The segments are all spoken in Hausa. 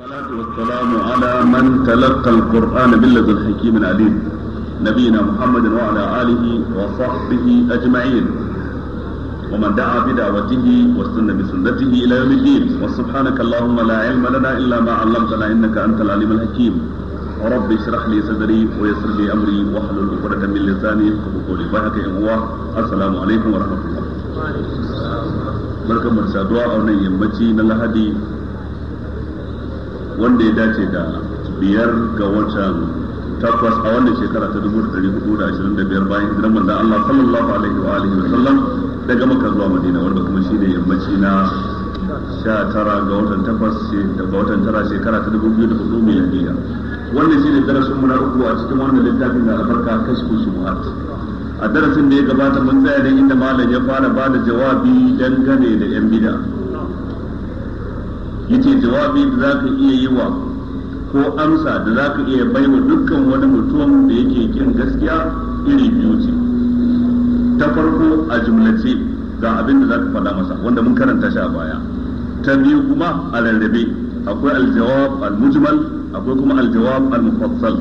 والصلاة والسلام على من تلقى القرآن باللدن حكيم عليم نبينا محمد وعلى آله وصحبه أجمعين ومن دعا بدعوته واستنى بسنته إلى يوم الدين وسبحانك اللهم لا علم لنا إلا ما علمتنا إنك أنت العليم الحكيم رب اشرح لي صدري ويسر لي أمري واحلل عقدة من لساني يفقهوا قولي بارك السلام عليكم ورحمة الله وعليكم السلام بركة من سادوا أو نيمتي نلهدي wanda ya dace da biyar ga watan takwas a wannan shekara ta dubu da dari hudu da ashirin da biyar bayan hijiran manzan Allah sallallahu alaihi wa alihi wa sallam daga Makka zuwa Madina wanda kuma shine yammaci na sha tara ga watan takwas ga watan tara shekara ta dubu biyu da hudu miladiyya wannan ne darasin mu na uku a cikin wannan littafin da albarka kashfu shubuhat a darasin da ya gabata mun tsaya da inda malam ya fara bada jawabi dangane da yan bid'a yace jawabi da zaka iya yi wa ko amsa da zaka iya baiwa dukkan wani mutum da yake kin gaskiya iri biyu ce ta farko a jumlace ga abin da zaka faɗa masa wanda mun karanta shi a baya ta biyu kuma a akwai aljawab almujmal akwai kuma aljawab almufassal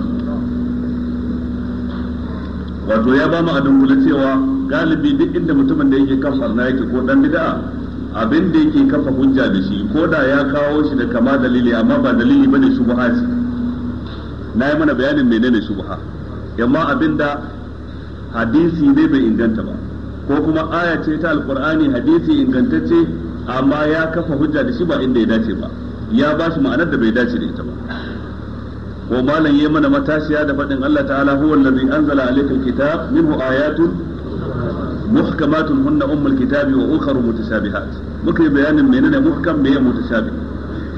wato ya ba mu a cewa galibi duk inda mutumin da yake kan farna yake ko dan bid'a abin da yake kafa hujja da shi ko da ya kawo shi da kama dalili amma ba dalili bane shubha ce na yi mana bayanin menene shubha amma abin da hadisi ne bai inganta ba ko kuma aya ce ta alqur'ani hadisi ingantacce amma ya kafa hujja da shi ba inda ya dace ba ya ba shi ma'anar da bai dace da ita ba ko malam yayi mana matashiya da faɗin Allah ta'ala huwallazi anzala alaykal kitab minhu ayatun محكمات هن ام الكتاب واخر متشابهات مكي بيان yi bayanin menene muhkam meye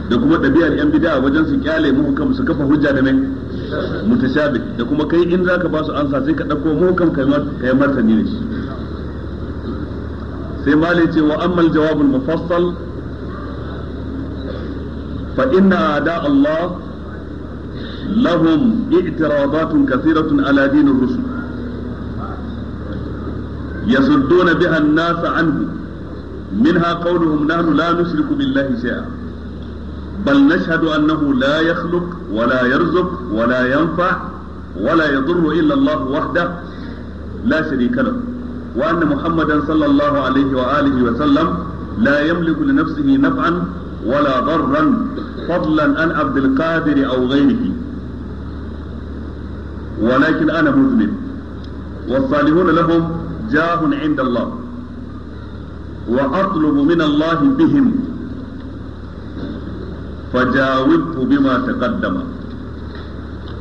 da kuma ɗabi'ar yan bid'a wajen su kyale muhkam su kafa hujja da mai mutashabi da kuma kai in zaka ba su ansa sai ka dauko muhkam kai martani ne sai malai ce wa ammal jawabul mufassal fa inna da Allah lahum i'tiradatun kathiratun ala dinir rusul يصدون بها الناس عنه منها قولهم نحن لا نشرك بالله شيئا بل نشهد أنه لا يخلق ولا يرزق ولا ينفع ولا يضر إلا الله وحده لا شريك له وأن محمدا صلى الله عليه وآله وسلم لا يملك لنفسه نفعا ولا ضرا فضلا عن عبد القادر أو غيره ولكن أنا مذنب والصالحون لهم jahun inda Allah wa atlubu min Allah bihim fajawibhu bima taqaddama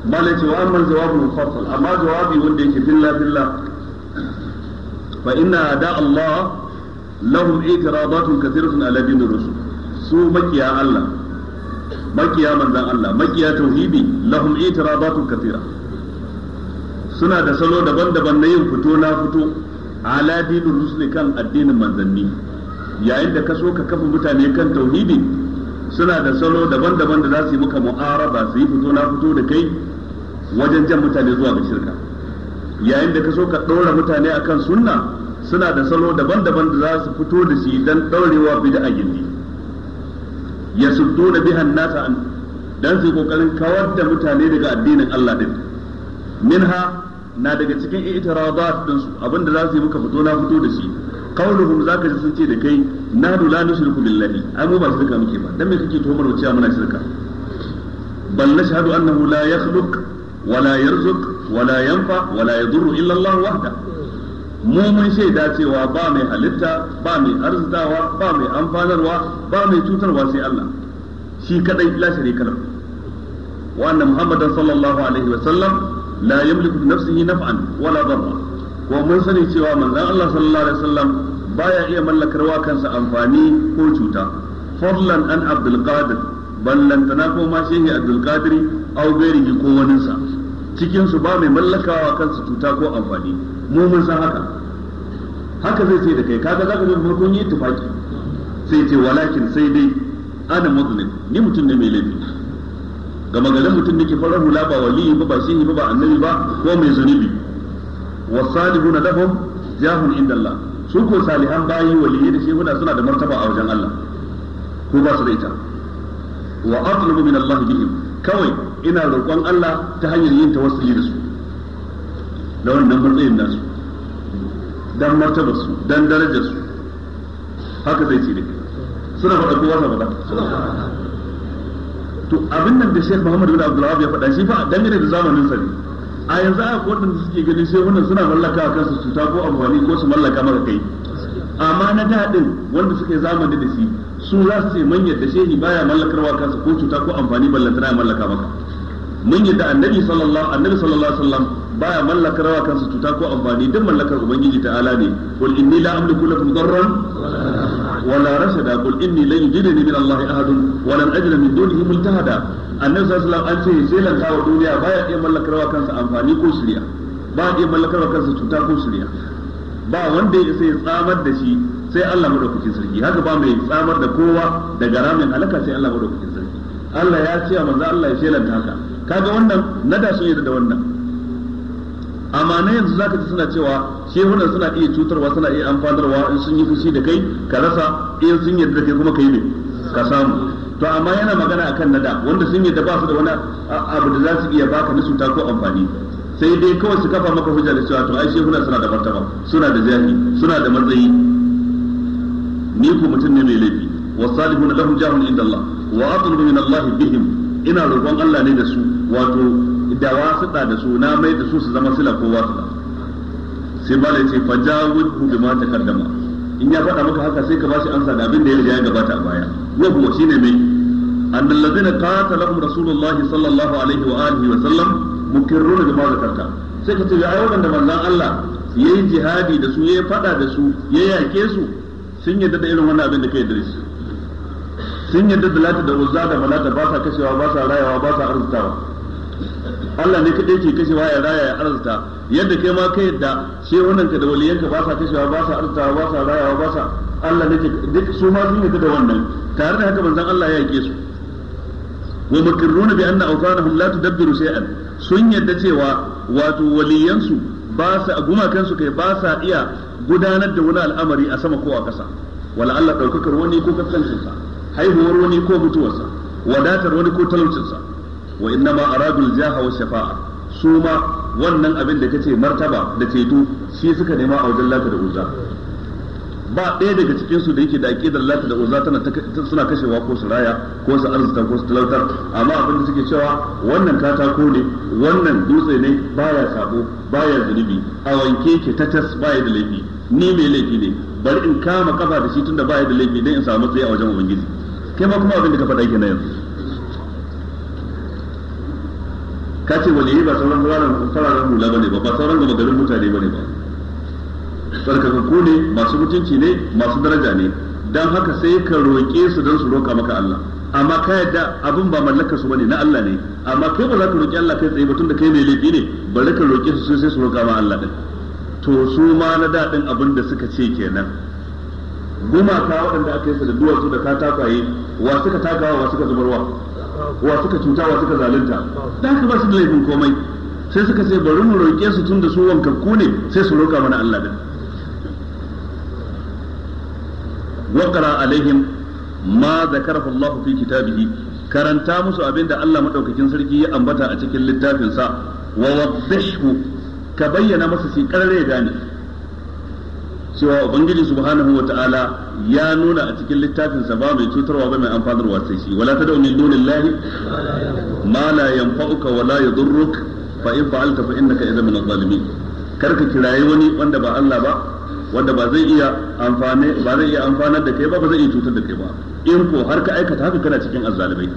malaka wa amma jawabu mufassal amma jawabi wanda yake billa billa fa inna da Allah lahum itiradatun kathiratun ala dinir rusul su makiya Allah makiya manzan Allah makiya tauhidi lahum itiradatun kathira suna da salo daban-daban na yin fito na fito ala dinin rusuli kan addinin manzanni yayin da ka ka kafa mutane kan tauhidi suna da salo daban-daban da za su yi muka mu'araba su yi fito na fito da kai wajen jan mutane zuwa ga shirka yayin da ka ka ɗora mutane akan sunna suna da salo daban-daban da za su fito da shi dan ɗaurewa bid'a gindi ya da bihan nasa dan su kokarin kawar da mutane daga addinin Allah din minha na daga cikin i'tiradat din su abinda za su yi muka fito na fito da shi qauluhum zaka ji sun ce da kai na la nushriku billahi ai mu ba shirka muke ba dan me kake tobar mu cewa muna shirka bal nashhadu annahu la yakhluq wa la yarzuq wa la yanfa wa la yadurru illa Allah wahda mu mun shaida cewa ba mai halitta ba mai arzikawa ba mai amfanarwa ba mai cutarwa sai Allah shi kadai la sharika lahu wa anna muhammadan sallallahu alaihi wa sallam la yamliku nafsihi naf'an wala darra ko mun sani cewa manzon Allah sallallahu alaihi wasallam baya iya mallakarwa kansa amfani ko cuta fadlan an Abdul Qadir ballantana ko ma shehi Abdul Qadir au gairihi ko waninsa cikin su ba mai mallakawa kansa cuta ko amfani mu mun san haka haka zai sai da kai kaga zaka ga kun yi tufaki sai ce walakin sai dai ana mazlim ni mutum ne mai laifi gama magalin mutum da ke farar hula ba wali ba ba shi ba ba annabi ba ko mai zunubi wasalihuna lahum jahun inda Allah su ko salihan bayi waliyyi da shehuna suna da martaba a wajen Allah ko ba su da ita wa atlubu min Allah bihim kawai ina roƙon Allah ta hanyar yin tawassuli da su da wannan da su, dan martaba su dan darajar su haka zai ce da suna faɗa kowa sa faɗa to abin nan da Sheikh Muhammad bin Abdul Wahab ya faɗa shi fa dangane da zamanin sa ne a yanzu a da suke gani sai wannan suna mallaka a kansu cuta ko amfani ko su mallaka maka kai amma na din wanda suke zamani da shi su za su ce manyan da shehi baya mallakarwa kansu ko cuta ko amfani ballantana ya mallaka maka mun yadda annabi sallallahu annabi sallallahu alaihi wasallam baya mallakar rawa su cuta ko amfani duk mallakar ubangiji ta'ala ne wal inni la amliku lakum darran wala rashada qul inni lan yujidani min allahi ahadun wa lan ajida min dunihi multahada annabi sallallahu alaihi an ce sai wa duniya baya iya mallakarwa kansa amfani ko shiriya ba iya mallakarwa kansa cuta ko shiriya ba wanda ya sai tsamar da shi sai Allah madaukakin sarki haka ba mai tsamar da kowa daga ramin halaka sai Allah madaukakin sarki Allah ya ce manza Allah ya shelanta haka kaga wannan nada sun yarda da wannan amma na yanzu zaka ji suna cewa shehunan suna iya cutarwa suna iya amfanarwa in sun yi fushi da kai ka rasa in sun yi da kai kuma kai ne ka samu to amma yana magana akan nada wanda sun yi da ba su da wani abu da za su iya baka na cuta ko amfani sai dai kawai su kafa maka hujja da cewa to ai shehuna suna da martaba suna da zafi suna da matsayi ni ku mutum ne mai laifi wasalihuna lahum jahun inda Allah wa atlubu min Allah bihim ina roƙon Allah ne da su wato da wasuɗa da su na mai da su su zama sila ko wasuɗa sai ba da ce fajawud bi ma takaddama in ya faɗa maka haka sai ka bashi ansa da abin da ya riga ya gabata a baya wa huwa shine mai annal ladina qatalahum rasulullah sallallahu alaihi wa alihi wa sallam mukirruna bi ma zakarta sai ka ce ya ayyukan da manzan Allah ya yi jihadi da su yayi faɗa da su ya yake su sun yadda da irin wannan abin da kai da shi sun yadda da lati da uzza da malata ba sa kashewa ba sa rayawa ba sa arzutawa Allah ne kadai ke kashewa ya raya ya arzuta yadda kai ma ka da sai wannan ka da waliyanka ba sa kashewa ba sa arzutawa ba sa rayawa ba sa Allah ne duk su ma sun yadda da wannan tare da haka manzon Allah ya yake su wa muqirruna bi anna awtanahum la tudabbiru shay'an sun yadda cewa wato waliyansu ba sa gumakan su kai ba sa iya gudanar da wani al'amari a sama ko a ƙasa wala Allah daukakar wani ko kaskancin sa haihuwar wani ko mutuwarsa wadatar wani ko talaucinsa wa inna ma aradul jaha wa shafa'a su ma wannan abin da kace martaba da ceto shi suka nema a wajen lata da uzza ba ɗaya daga cikin su da yake da aqidar lata da uzza tana suna kashewa ko su raya ko su arzuta ko su talautar amma abin da suke cewa wannan katako ne wannan dutse ne baya sabo baya zunubi a wanke ke tas baya da laifi ni mai laifi ne bari in kama kafa da shi tunda baya da laifi dan in samu tsaye a wajen ubangiji kai ma kuma abin da ka faɗa kenan yanzu ka ce yi ba sauran sauran hula bane ba ba sauran gaba garin mutane bane ba tsarkakakku ne masu mutunci ne masu daraja ne dan haka sai ka roƙe su don su roƙa maka Allah amma ka yadda abin ba mallakar su bane na Allah ne amma kai ba za ka roƙi Allah kai tsaye ba tunda kai mai laifi ne bari ka roƙe su sai su roƙa ma Allah din to su ma na daɗin abin da suka ce kenan gumaka waɗanda aka yi su da duwatsu da katakwaye wa suka takawa wa suka zubarwa wa suka cuta wa suka zalunta da haka ba su da laifin komai sai suka ce bari mu roƙe su tun da su wankakku ne sai su roƙa mana Allah din وقرا عليهم ما ذكره الله في كتابه karanta musu abin da Allah madaukakin sarki ya ambata a cikin littafinsa wa wadhihhu ka bayyana masa shi karare gane cewa ubangiji subhanahu wataala ya nuna a cikin littafin sa ba mai cutarwa ba mai amfanarwa sai shi wala tad'u min dunillahi ma la yanfa'uka wa la yadurruk fa in fa'alta fa innaka idan min adh-dhalimin kar ka kirayi wani wanda ba Allah ba wanda ba zai iya amfane ba zai iya amfanar da kai ba ba zai iya cutar da kai ba in ko har ka aikata haka kana cikin azzalibai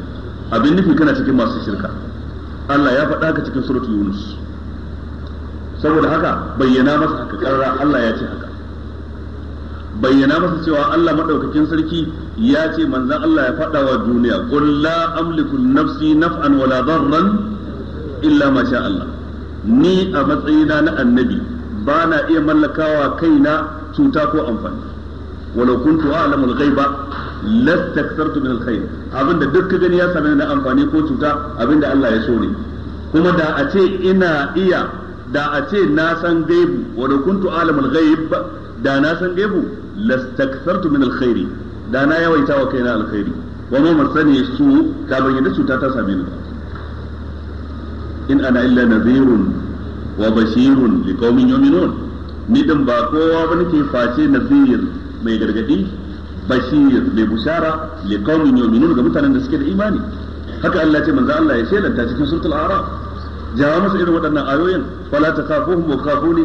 abin nufi kana cikin masu shirka Allah ya faɗa haka cikin suratul yunus saboda haka bayyana masa haka karra Allah ya ce haka bayyana masa cewa Allah madaukakin sarki ya ce manzan Allah ya faɗa wa duniya qul la amliku nafsi naf'an wala darran illa ma sha Allah ni a matsayina na annabi ba na iya mallakawa kaina cuta ko amfani walau kuntu a'lamul ghaiba lastakthartu min alkhair abinda duk gani ya same na amfani ko cuta abinda Allah ya so ne kuma da a ce ina iya da a ce na san gaibu walau kuntu a'lamul ghaib da na san gaibu lastakthartu min alkhairi da na yawaita wa kaina alkhairi wa ma masani su ka ban yadda cuta ta same ni in ana illa nadhirun wa bashirun liqaumin yu'minun ni din ba kowa ba nake face nadhir mai gargadi bashir mai bushara liqaumin yu'minun ga mutanen da suke da imani haka Allah ya ce manzo Allah ya shelanta cikin suratul a'raf jawa masa irin waɗannan ayoyin fala takhafuhum wa khafuni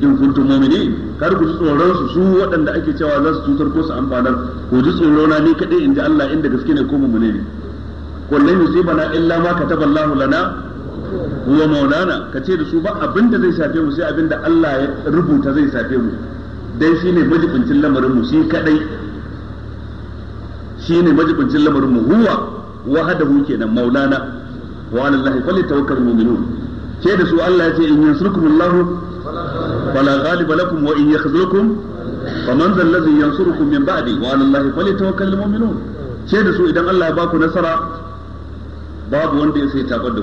in kuntum mu'minin kar ku tsoron su su waɗanda ake cewa za su cutar ko su amfanar ku ji tsoro na ni kadai in ji Allah inda gaske ne ko mu'mine ne kullun yusibana illa ma kataballahu lana huwa maulana kace da su ba abinda zai shafe mu sai abinda Allah ya rubuta zai shafe mu dai shine majibincin lamarin mu shi kadai shine majibincin lamarin mu huwa wahdahu kenan maulana wa alallahi allahi falyatawakkalul mu'minun ke da su Allah ya ce in yansurkumullahu fala ghaliba lakum wa in yakhzulukum faman dhal ladhi yansurukum min ba'di wa 'ala allahi falyatawakkalul mu'minun ce da su idan Allah ya nasara babu wanda ya sai tabar ku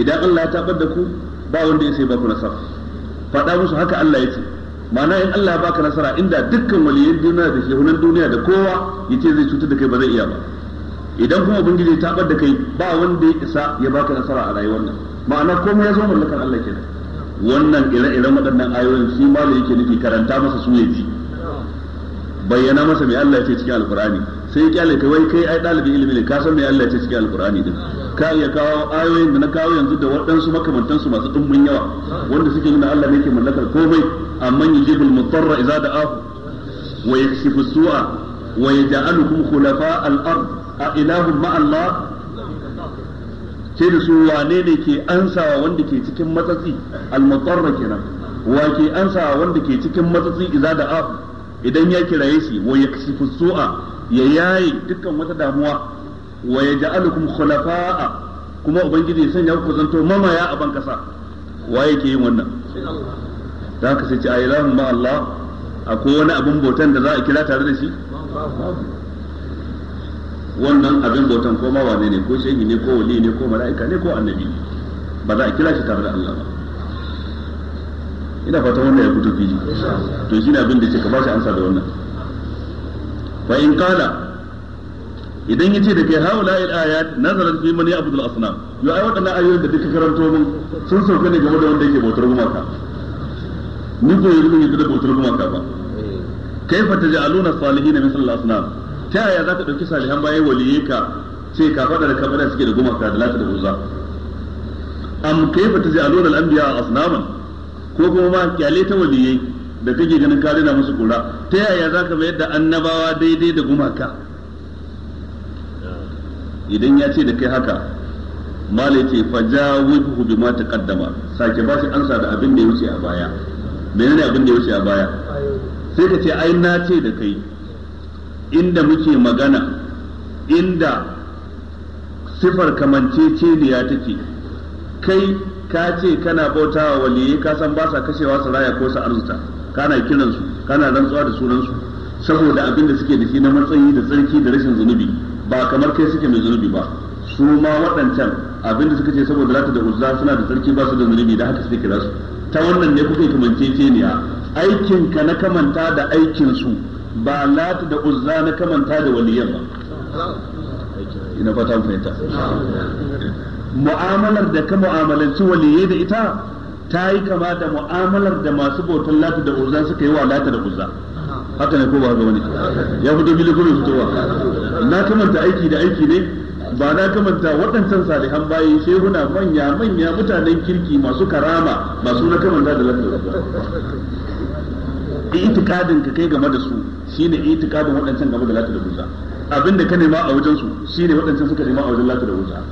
idan Allah ya tabar ku ba wanda ya sai nasara faɗa musu haka Allah ya ce ma'ana in Allah baka nasara inda dukkan waliyan duniya da shehunan duniya da kowa yace zai cutar da kai ba zai iya ba idan kuma ubangiji ya kai ba wanda ya isa ya baka nasara a rayuwar ma'ana komai ya zo Allah wannan ire-iren waɗannan ayoyin shi malu yake nufi karanta masa su ya ji bayyana masa mai Allah ya ce cikin alkur'ani sai ya kyale kai wai kai ai ɗalibin ilimi ne ka san mai Allah ya ce cikin alkur'ani din ka iya kawo ayoyin da na kawo yanzu da waɗansu makamantansu masu ɗumbin yawa wanda suke nuna Allah ne ke mallakar komai amma yujibul mutarra idza da'ahu wa yakshifu su'a wa yaj'alukum khulafa al-ard a ilahum ma'a Allah Sai da su wane ne ke ansawa wanda ke cikin matsatsi al kenan wa ke ansawa wanda ke cikin matsatsi idza da idan ya kiraye shi wa yakshifu su'a ya yaye dukkan wata damuwa wa yaj'alukum khulafa'a kuma ubangiji ya sanya ku zanto mamaya a ban kasa wa yake yin wannan da haka sai ma Allah akwai wani abin bautan da za a kira tare da shi wannan abin bautan ko ma wane ne ko shehi ne ko wali ne ko mala'ika ne ko annabi ba za a kira shi tare da Allah ba ina fata wannan ya fito fili to shi ne abin da ce ka ba shi ansa da wannan fa in qala idan yace da kai haula il ayat nazalat fi man ya'budu al asnam yo ai wadannan ayoyin da duka karanto mun sun sauka ne game da wanda yake bautar gumaka ni ko yanzu ne da bautar gumaka ba eh. kaifa taj'aluna salihin min sallallahu asnam ta yaya za ka ɗauki salihan bayan waliye ka ce ka faɗa da kamar suke da gumaka da lati da uzza am kaifa taj'aluna al-anbiya asnaman ko kuma ma kyale ta waliyai da kake ganin ka rena musu kura ta yaya za ka mayar da annabawa daidai da gumaka idan ya ce da kai haka malai ce bi bima taqaddama sake ba shi ansa da abin da ya wuce a baya menene abin da ya wuce a baya sai ka ce ai na ce da kai inda muke magana inda sifar kamanceceniya take kai ka ce kana bautawa waliyai ka san ba sa kashewa su raya ko su arzuta kana kiransu kana rantsuwa da sunansu saboda abin da suke da shi na matsayi da tsarki da rashin zunubi ba kamar kai suke mai zunubi ba su ma waɗancan abin da suka ce saboda lati da uzza suna da tsarki ba su da zunubi da haka suke kira su ta wannan ne kuka kamanceceniya aikinka na kamanta da aikinsu ba lati da uzza na kamanta da waliyan ba ina fata mu fahimta mu'amalar da ka mu'amalanci waliyai da ita ta yi kama da mu'amalar da masu bautan lati da uzza suka yi wa lati da uzza haka ne ko ba ga wani ya fito bili kuma fitowa na kamanta aiki da aiki ne ba na kamanta waɗancan salihan bayi shehuna manya manya mutanen kirki masu karama masu na kamanta da lafiyar itikadin ka kai game da su shine itikadin waɗancan game da latu da buza abinda ka nema a wajen su shine waɗancan suka nema a wajen latu da buza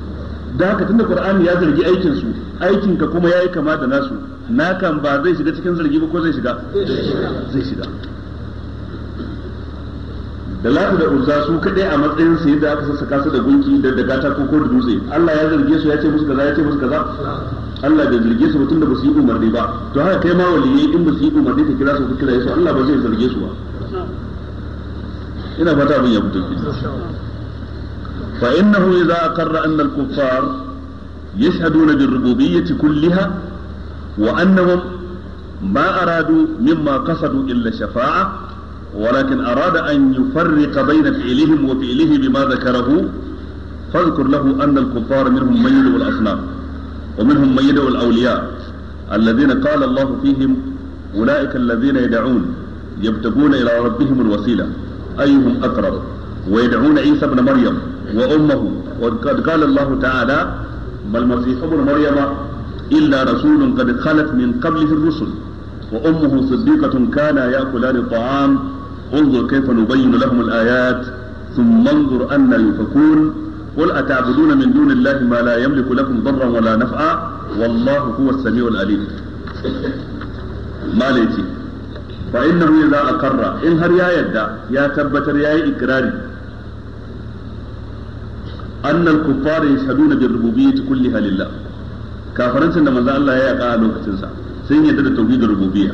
da haka tunda qur'ani ya zargi aikin su aikin ka kuma yayi kama da nasu nakan ba zai shiga cikin zargi ba ko zai shiga zai shiga da latu da urza su kadai a matsayin su yadda aka sassaka su da gunki da dagata ko ko da dutse Allah ya zarge su ya ce musu kaza ya ce musu kaza Allah bai zarge su ba da ba su yi umarni ba to haka kai ma waliyai in ba su yi umarni ka kira su ka kira su Allah ba zai zarge su ba ina fata abin ya fito fa innahu idza aqarra anna al-kuffar yashhaduna bir rububiyyati kulliha wa annahum ma aradu mimma qasadu illa shafa'a ولكن أراد أن يفرق بين فعلهم وفعله بما ذكره فاذكر له أن الكفار منهم من يلو الأصنام ومنهم من يدعو الأولياء الذين قال الله فيهم أولئك الذين يدعون يبتغون إلى ربهم الوسيلة أيهم أقرب ويدعون عيسى ابن مريم وأمه وقد قال الله تعالى ما المسيح ابن مريم إلا رسول قد خلت من قبله الرسل وأمه صديقة كانا يأكلان الطعام انظر كيف نبين لهم الآيات ثم انظر أن يفكون قل أتعبدون من دون الله ما لا يملك لكم ضرا ولا نفعا والله هو السميع العليم ما ليتي فإنه إذا أقر إن هر يا يدى يا تبتر يا إقراري أن الكفار يشهدون بالربوبية كلها لله كافرين سنة من الله يا قالوا كتنسى sun yarda da tauhidin rububiyya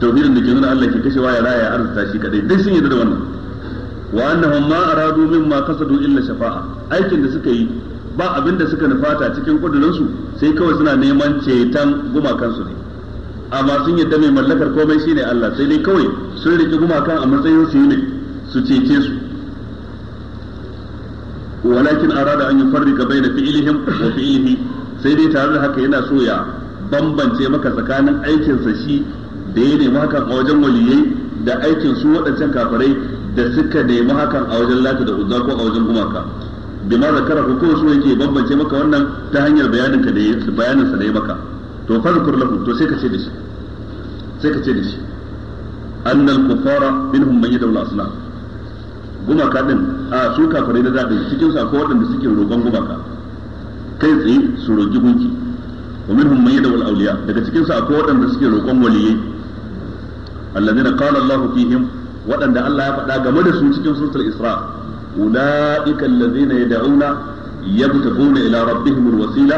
tauhidin da ke nuna Allah ke kashewa ya raya arzuta shi kadai dai sun yarda da wannan wa annahum ma aradu mimma kasadu illa shafa'a aikin da suka yi ba abin da suka nufata cikin kudurin su sai kawai suna neman ceton gumakan su ne amma sun yadda mai mallakar komai shine Allah sai dai kawai sun riki gumakan a matsayin su ne su cece su walakin arada an yufarrika baina fi'lihim wa fi'lihi sai dai tare da haka yana so ya bambance maka tsakanin aikin sa shi da ya nemi hakan a wajen waliyai da aikin su waɗancan kafirai da suka nemi hakan a wajen lati da uzza ko a wajen gumaka bima zakara ko su yake bambance maka wannan ta hanyar bayanin ka da bayanin sa da ya maka to fadhkur lahu to sai ka ce da shi sai ka ce da shi annal kufara minhum man yadul asnam gumaka din a su kafirai da zaɓe cikin su ko waɗanda suke roƙon gumaka kai tsaye su roƙi gunki wa minhum man yadul awliya daga cikin su ko waɗanda suke roƙon waliyai alladheena qala Allahu fihim waɗanda Allah ya faɗa game da su cikin suratul Isra ulaika allazina yad'una yabtaguna ila rabbihim alwasila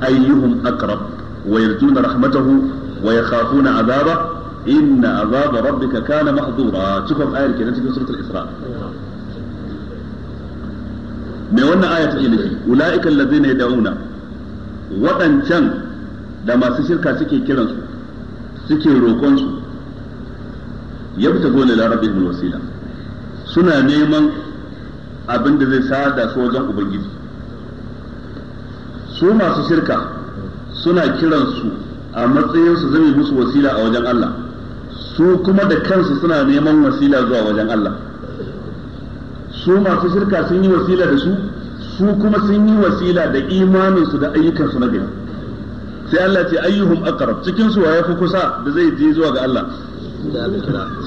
ayyuhum aqrab wa yarjuna rahmatahu wa yakhafuna azaba inna azaba rabbika kana mahdura cikin ayar kenan cikin suratul Isra me wannan aya ta ilimi ulaika allazina yad'una waɗancan da masu shirka suke kiransu suke roƙonsu yabtaguna ila rabbihim wasila suna neman abin da zai sada su wajen ubangiji su masu shirka suna kiransu a matsayin su zame musu wasila a wajen Allah su kuma da kansu suna neman wasila zuwa wajen Allah su masu shirka sun yi wasila da su su kuma sun yi wasila da imaninsu da ayyukansu na gari sai Allah ce ayyuhum aqrab cikin su waye fi kusa da zai je zuwa ga Allah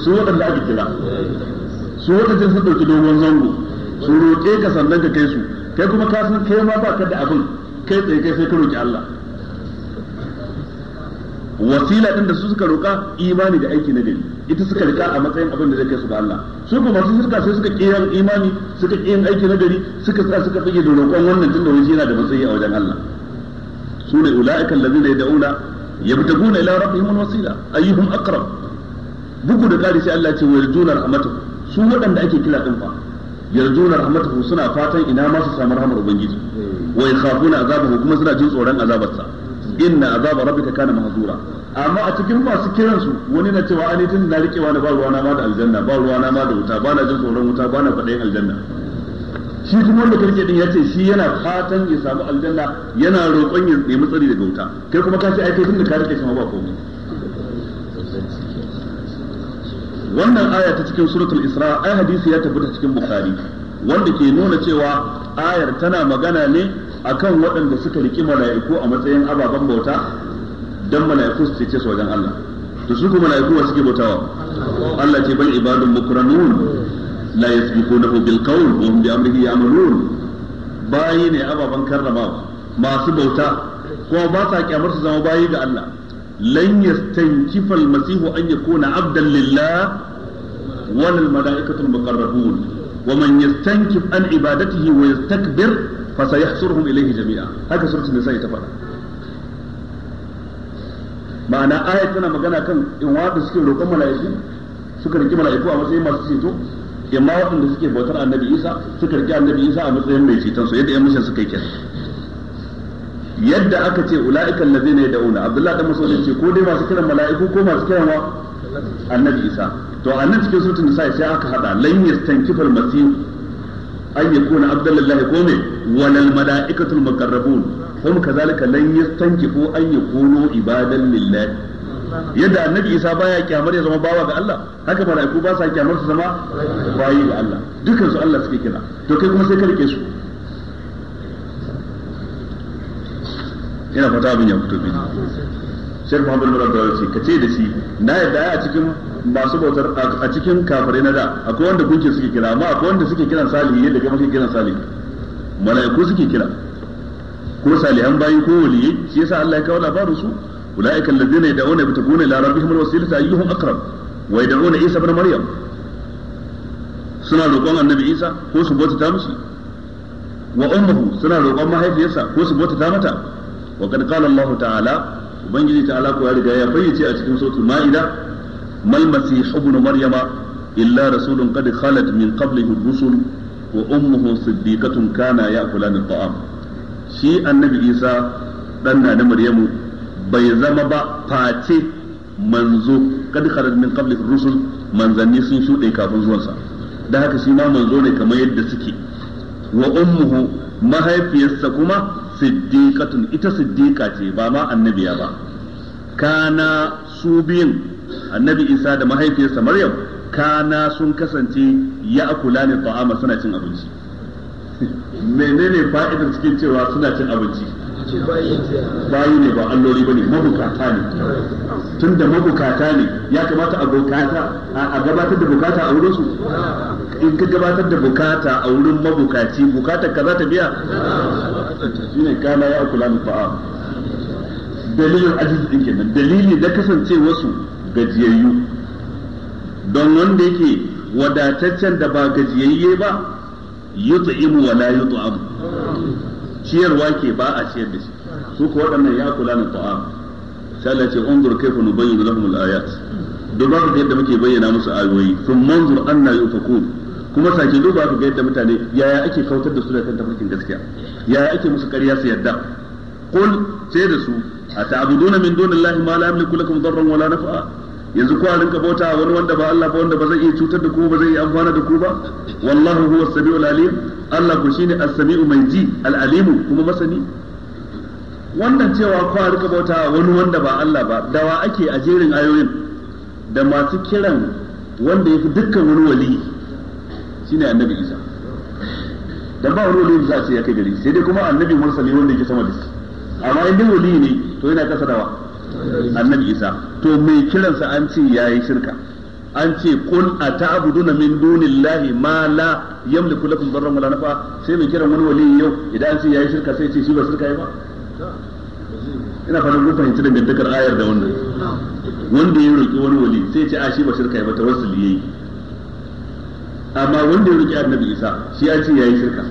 su waɗanda aka kira su waɗanda sun ɗauki dogon zango su roƙe ka sannan ka kai su kai kuma ka san kai ma ba ka da abin kai tsaye kai sai ka roƙi Allah wasila ɗin da su suka roƙa imani da aiki na gari ita suka rika a matsayin abin da zai kai su ga Allah su kuma masu shirka sai suka ƙi imani suka ƙi aiki na gari suka sa suka tsige da roƙon wannan tunda wani yana da matsayi a wajen Allah su ne ula'ikan lazina yad'una yabtaguna ila rabbihim alwasila ayyuhum aqrab bugu da ƙari sai Allah ce wa yarjuna rahmatahu su waɗanda ake kira din fa yarjuna rahmatahu suna fatan ina ma su samu rahmar ubangiji wa yakhafuna azabahu kuma suna jin tsoron azabarsa inna azaba rabbika kana mahzura amma a cikin masu kiran su wani na cewa ani tun da rikewa na ba ruwana ma da aljanna ba ruwana ma da wuta ba na jin tsoron wuta ba na yin aljanna shi kuma wanda kake din ya ce shi yana fatan ya samu aljanna yana roƙon ya nemi tsari daga wuta kai kuma ka ce ai kai tun da ka rike shi ma ba komai wannan aya ta cikin suratul isra ai hadisi ya tabbata cikin bukhari wanda ke nuna cewa ayar tana magana ne akan waɗanda suka riki mala'iku a matsayin ababen bauta dan mala'iku su ce su wajen Allah to su kuma mala'iku wa suke bautawa Allah ce bal ibadun mukranun la yasbiqunahu bil qawl wa hum bi amrihi ya'malun bayi ne ababen karrama masu bauta ko ba sa kyamar su zama bayi ga Allah lan yastankifa al-masih an yakuna abdan lillah wal malaikatu al-muqarrabun wa man yastankif an ibadatihi wa yastakbir fa sayahsuruhum ilayhi jami'a haka suratul sa ta faɗa ma'ana ayat tana magana kan in wanda suke roƙon mala'iku suka riki mala'iku a matsayin masu ceto imma waɗanda suke bautar annabi isa suka riki annabi isa a matsayin mai ceton su yadda yan mushin suka yi kenan yadda aka ce ula'ikan na ya da'una abdullahi dan mas'ud ce ko dai masu kiran mala'iku ko masu kiran wa annabi isa to annabi nan cikin suratul nisa sai aka hada lan yastankifal masih an yakuna abdullahi ko me walal mala'ikatul muqarrabun hum kazalika lan yastankifu an ya yakunu ibadan lillahi yadda annabi isa baya kyamar ya zama bawa ga Allah haka mala'iku ba sa kyamar su zama bayi ga Allah dukkan su Allah suke kira to kai kuma sai ka rike su ina fata abin ya fito bini shek muhammad bin abdul ka ce da shi na yadda a cikin masu bautar a cikin kafirai na da akwai wanda gunki suke kira amma akwai wanda suke kiran salihi yadda kuma suke kiran salihi mala'iku suke kira ko salihan bayi ko waliyi shi yasa Allah ya kawo labarin su ulaika alladhina yad'una bi tabuna ila rabbihim alwasilata ayyuhum aqrab wa yad'una isa ibn maryam suna roƙon annabi isa ko su bauta ta mishi wa ummuhu suna roƙon mahaifiyarsa ko su bauta ta mata wa kad qala ta'ala ubangiji ta'ala ko ya riga ya fayyace a cikin suratul maida mal masih ibn maryama illa rasulun qad khalat min qablihi rusul wa ummuhu siddiqatun kana ya'kulani at-ta'am shi annabi isa dan na da maryamu bai zama ba face manzo kad khalat min qablihi rusul manzanni sun shuɗe kafin zuwansa da haka shi ma manzo ne kamar yadda suke wa ummuhu mahaifiyarsa kuma siddiqatun ita siddiqa ce ba ma annabiya ba kana su biyun annabi isa da mahaifiyarsa maryam kana sun kasance ya akula ne ta'ama suna cin abinci menene fa'idar cikin cewa suna cin abinci bayi ne ba alloli ne. mabukata ne tunda mabukata ne ya kamata a bukata a gabatar da bukata a wurin in ka gabatar da bukata a wurin mabukaci bukatar ka za ta biya ne kana ya akula mu fa'a dalilin ajiz din kenan dalili da kasance wasu gajiyayyu don wanda yake wadataccen da ba gajiyayye ba yut'imu wala amu ciyarwa ke ba a ciyar da shi su ko waɗannan ya kula na ta'am sai Allah ce unzur kayfa nubayyinu lahum al-ayat duba ka yadda muke bayyana musu ayoyi sun manzur anna yufakun kuma sake duba ka ga yadda mutane yaya ake kautar da su da kan tafarkin gaskiya yaya ake musu ƙarya su yadda qul sai da su ata'buduna min dunillahi ma la yamliku lakum darran wala naf'a yanzu ku rinka bauta wani wanda ba Allah ba wanda ba zai iya cutar da ku ba zai iya amfana da ku ba wallahu huwa samiul alim Allah ku shine as-sami'u mai ji al-alimu kuma masani wannan cewa ku rinka bauta wani wanda ba Allah ba dawa ake a jerin ayoyin da masu kiran wanda yafi dukkan wani wali shine annabi Isa dan ba wani wali za a ce ya kai gari sai dai kuma annabi mursali wanda yake sama da shi amma in dai wali ne to yana kasa dawa annabi isa to mai kiransa an ce ya yi shirka an ce kun a ta'buduna min dunillahi ma la yamliku lakum darran wala nafa sai mai kiran wani wali yau idan an ce ya yi shirka sai ce shi ba shirka yi ba ina fatan kun fahimci dangantakar ayar da wannan wanda ya roki wani wali sai ce a shi ba shirka yi ba tawassuli yayi amma wanda ya roki annabi isa shi an ce ya yi shirka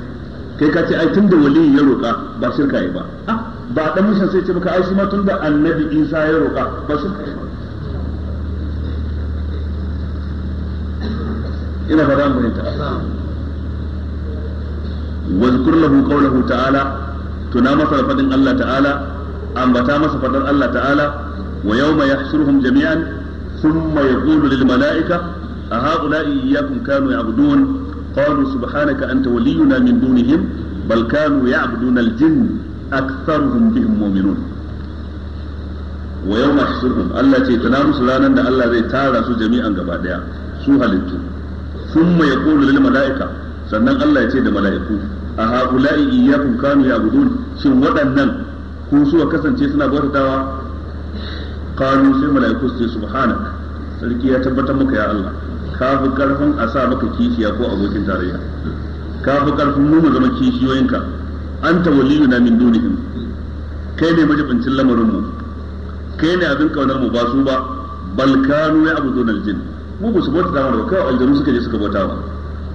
kai ka ce ai tun da waliyi ya roƙa ba shirka yi ba ah, ba dan mishan sai ce maka ai shi ma tun da annabi Isa ya roƙa ba shirka yi ba ina fara mun ta wa zkur lahu qawluhu ta'ala tuna masa fadin Allah ta'ala ambata masa fadin Allah ta'ala wa yawma yahshuruhum jami'an thumma yaqulu lil mala'ika a ha'ula'i iyyakum kanu ya'budun qalu subhanaka anta waliyuna min dunihim bal kanu ya'buduna al-jinn aktharuhum bihim mu'minun wa yawma yahshuruhum Allah ce tana musu ranan da Allah zai tara su jami'an gaba daya su halittu thumma yaqulu lil mala'ika sannan Allah ya ce da mala'iku a haula'i ya kanu ya'budun shin waɗannan ku suka kasance suna dawa? qalu sai mala'iku su ce subhanaka sarki ya tabbatar maka ya Allah ka fi karfin a sa maka kishiya ko abokin tarayya ka fi karfin mu mu zama kishiyoyinka an anta na min dunihim kai ne majibincin lamarin mu kai ne abin kaunar mu ba su ba bal kanu ya abu zonal jin mu ba su bauta da ba kawai aljanu suka je suka bauta ba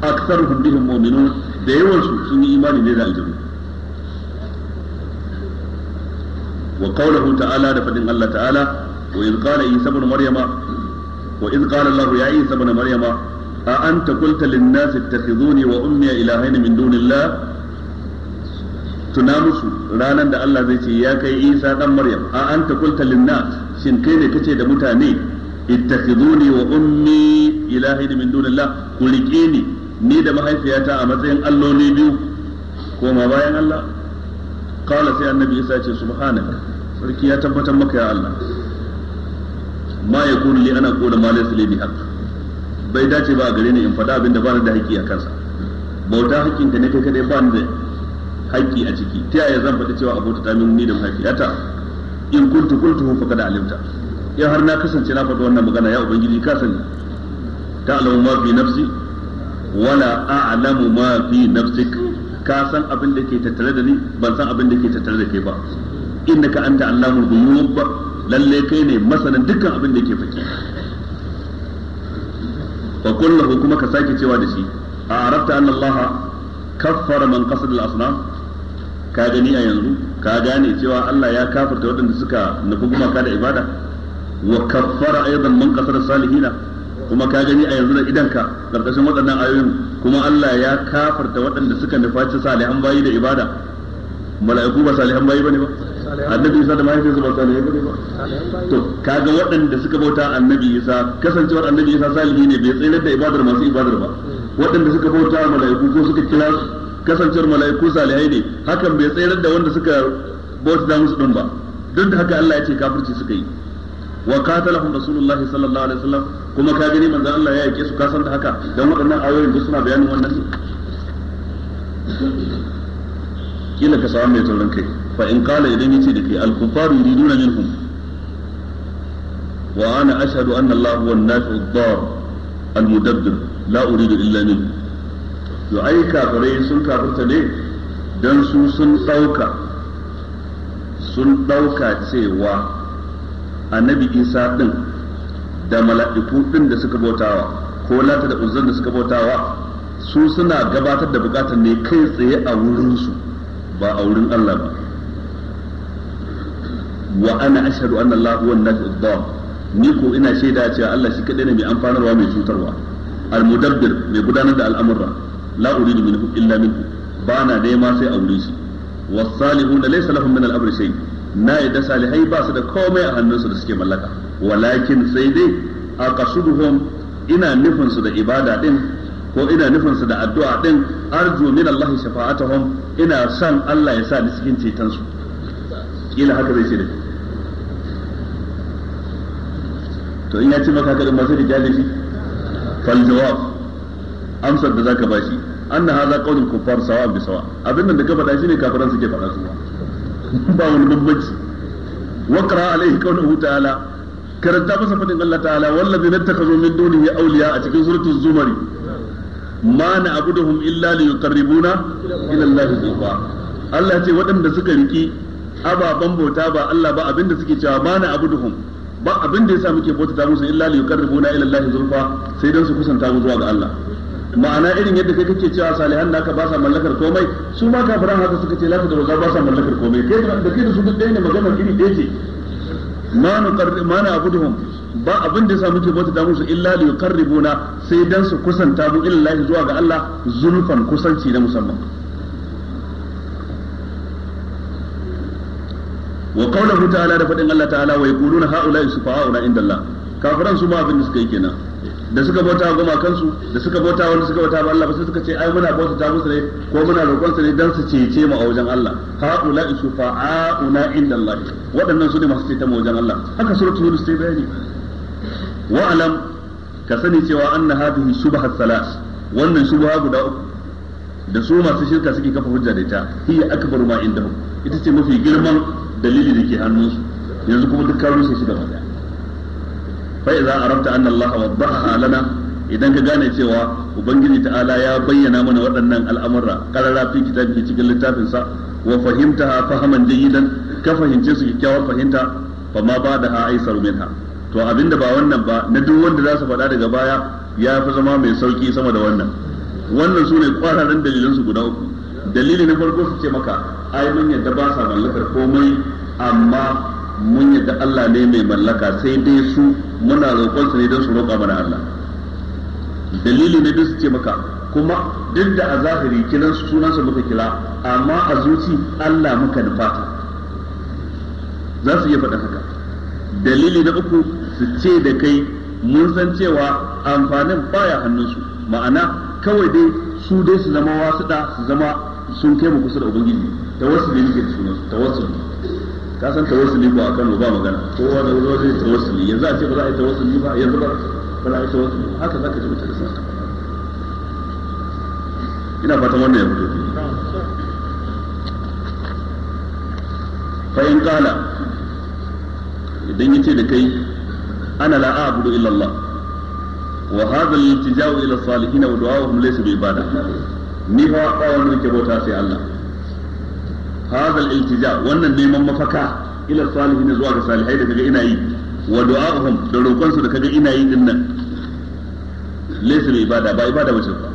aksar bihim mu'minun da yawan su sun yi imani ne da aljanu wa qawluhu ta'ala da faɗin Allah ta'ala wa iz qala isa saman maryama wa iz qala Allah ya Isa ibn Maryam a anta qulta lin nas ittakhizuni wa ummi ilahayn min dunillah tuna musu ranar da Allah zai ce ya kai Isa dan Maryam a an ta lin linna shin kai ne kace da mutane ittakhizuni wa ummi ilahayn min dunillah ku rike ni ni da mahaifiyata a matsayin alloli biyu koma bayan Allah qala sai annabi Isa ce subhanaka sarki ya tabbatar maka ya Allah ma kuru li ana qula ma laysa li bihaq bai dace ba gare ni in faɗa abin da ba ni da haƙƙi a kansa bauta haƙƙin ka ne kai kadai ba ni da haƙƙi a ciki ta yaya zan faɗi cewa abota ta min ni da mahaifiyata in kuntu kuntu faqad alimta in har na kasance na faɗi wannan magana ya ubangiji ka sani alamu ma fi nafsi wala a'lamu ma fi nafsik ka san abin da ke tattare da ni ban san abin da ke tattare da kai ba innaka anta allamul ghuyub lalle kai ne masanin dukkan abin da yake fake fa kullahu kuma ka sake cewa da shi a arafta anna Allah kaffara man qasada al-asnam ka gani a yanzu ka gane cewa Allah ya kafirta waɗanda suka nufi gumaka da ibada wa kaffara aidan man qasada salihina kuma ka gani a yanzu da idanka karkashin waɗannan ayoyin kuma Allah ya kafarta waɗanda suka nufaci salihan bayi da ibada mala'iku ba salihan bayi bane ba annabi isa da mahaifinsa ba salihai bane ba to kaga waɗanda suka bauta annabi isa kasancewar annabi isa salihi ne bai tsayar da ibadar masu ibadar ba waɗanda suka bauta mala'iku ko suka kira kasancewar mala'iku salihai ne hakan bai tsayar da wanda suka bauta da musu ba duk da haka Allah ya ce kafirci suka yi wa qatalahum rasulullahi sallallahu alaihi wasallam kuma ka gani manzon Allah ya yake su ka san da haka dan waɗannan ayoyin duk suna bayanin wannan ne kila ka samu mai taurin kai fa in qala idan yace da kai al kufaru yuriduna minhum wa ana ashhadu anna Allah huwa an-nafi'u ad-dar al-mudabbir la uridu illa min to ai kafirai sun kafirta ne dan su sun dauka sun dauka cewa annabi Isa din da mala'iku din da suka bautawa ko lata da uzzar da suka bautawa su suna gabatar da bukatar ne kai tsaye a wurinsu ba a wurin Allah ba wa ana ashhadu anna Allah huwa an ni ko ina shaida cewa Allah shi kadai ne mai amfanarwa mai cutarwa al-mudabbir mai gudanar da al'amura la uridu minhu illa minhu ba na nema sai aure shi was-salihun laysa lahum min al-amri shay na yadda salihai ba su da komai a hannunsu da suke mallaka walakin sai dai aqasuduhum ina nufin su da ibada din ko ina nufin su da addu'a din arju min Allah hom ina son Allah ya sa ni cikin ceton su kila haka zai ce da to in ya ce maka haka din ba sai ka kyale shi fal jawab amsar da zaka bashi anna hadha qawlul kuffar sawa bi sawa abin nan da ka faɗa shine kafiran suke faɗa su ba wani bambanci wa qara alaihi qawluhu ta'ala karanta masa fadin Allah ta'ala wallazina ittakhadhu min dunihi awliya a cikin suratul zumari ma na abuduhum illa li yuqarribuna ila Allah zulfa Allah ce waɗanda suka riki ababan bauta ba Allah ba abinda suke cewa ba na abuduhum ba abinda yasa muke bautata musu illa li yuqarribuna ila Allah zulfa sai dan su kusanta mu zuwa ga Allah ma'ana irin yadda kai kake cewa salihan ka ba sa mallakar komai su ma kafiran haka suka ce laka da ba sa mallakar komai kai da kai da su duk ɗaya ne magana iri ɗaya ce ma nuqarrib ma na abuduhum ba abin da yasa muke bauta musu illa li yuqarribuna sai dan su kusanta mu ila Allah zuwa ga Allah zulfan kusanci na musamman wa qawluhu ta'ala da fadin Allah ta'ala wa yaquluna haula shufa'auna inda Allah kafiran su ma abin da suka yi kenan da suka bauta goma kansu da suka bauta wanda suka bauta ba Allah ba sai suka ce ai muna bauta ta musu ne ko muna roƙon su ne dan su cece mu a wajen Allah haula shufa'auna inda Allah waɗannan su ne masu cece mu wajen Allah haka suratul hud sai bayani wa alam ka sani cewa anna hadhihi shubhat salas wannan shubha guda uku da su masu shirka suke kafa hujja da ita hiya akbaru ma indahum ita ce mafi girman dalili da ke hannunsu yanzu kuma duk ka rushe shi da baya fa idza arafta anna allaha wadaha lana idan ka gane cewa ubangiji ta'ala ya bayyana mana waɗannan al'amura qarara fi kitabi cikin littafin sa wa fahimtaha fahaman jayyidan ka fahimce su kyakkyawar fahimta fa ma ba'daha aisar minha to abinda ba wannan ba na duk wanda za su faɗa daga baya ya fi zama mai sauki sama da wannan wannan su ne kwararren guda uku dalili na farko su ce maka ai mun yadda ba sa mallakar komai amma mun yadda Allah ne mai mallaka sai dai su muna roƙon su ne don su roƙa mana Allah dalili ne su ce maka kuma duk da a zahiri kiran su suna su muka kira amma a zuci Allah muka nufata za su iya faɗa haka dalili na uku su ce da kai mun san cewa amfanin baya hannunsu ma'ana kawai dai su dai su zama wasu da su zama sun kai mu kusa da ubangiji tawassuli nake da sunan tawassuli ka san tawassuli ba a Kano ba magana kowa da wani zai tawassuli yanzu a ce ba za a yi tawassuli ba yanzu ba ba za a yi tawassuli haka za ka ji mutane sa ina fatan wannan ya fito fa in qala idan yace da kai ana la a'budu illa Allah wa hadha al-iltija'u ila salihin wa du'a'uhum laysa bi ibada ni fa ba wani ke bauta sai Allah hadha al-iltija wannan neman mafaka ila salihin zuwa ga salihai da kaga ina yi wa du'a'uhum da roƙon su da kaga ina yi din nan laysa ibada ba ibada ce ba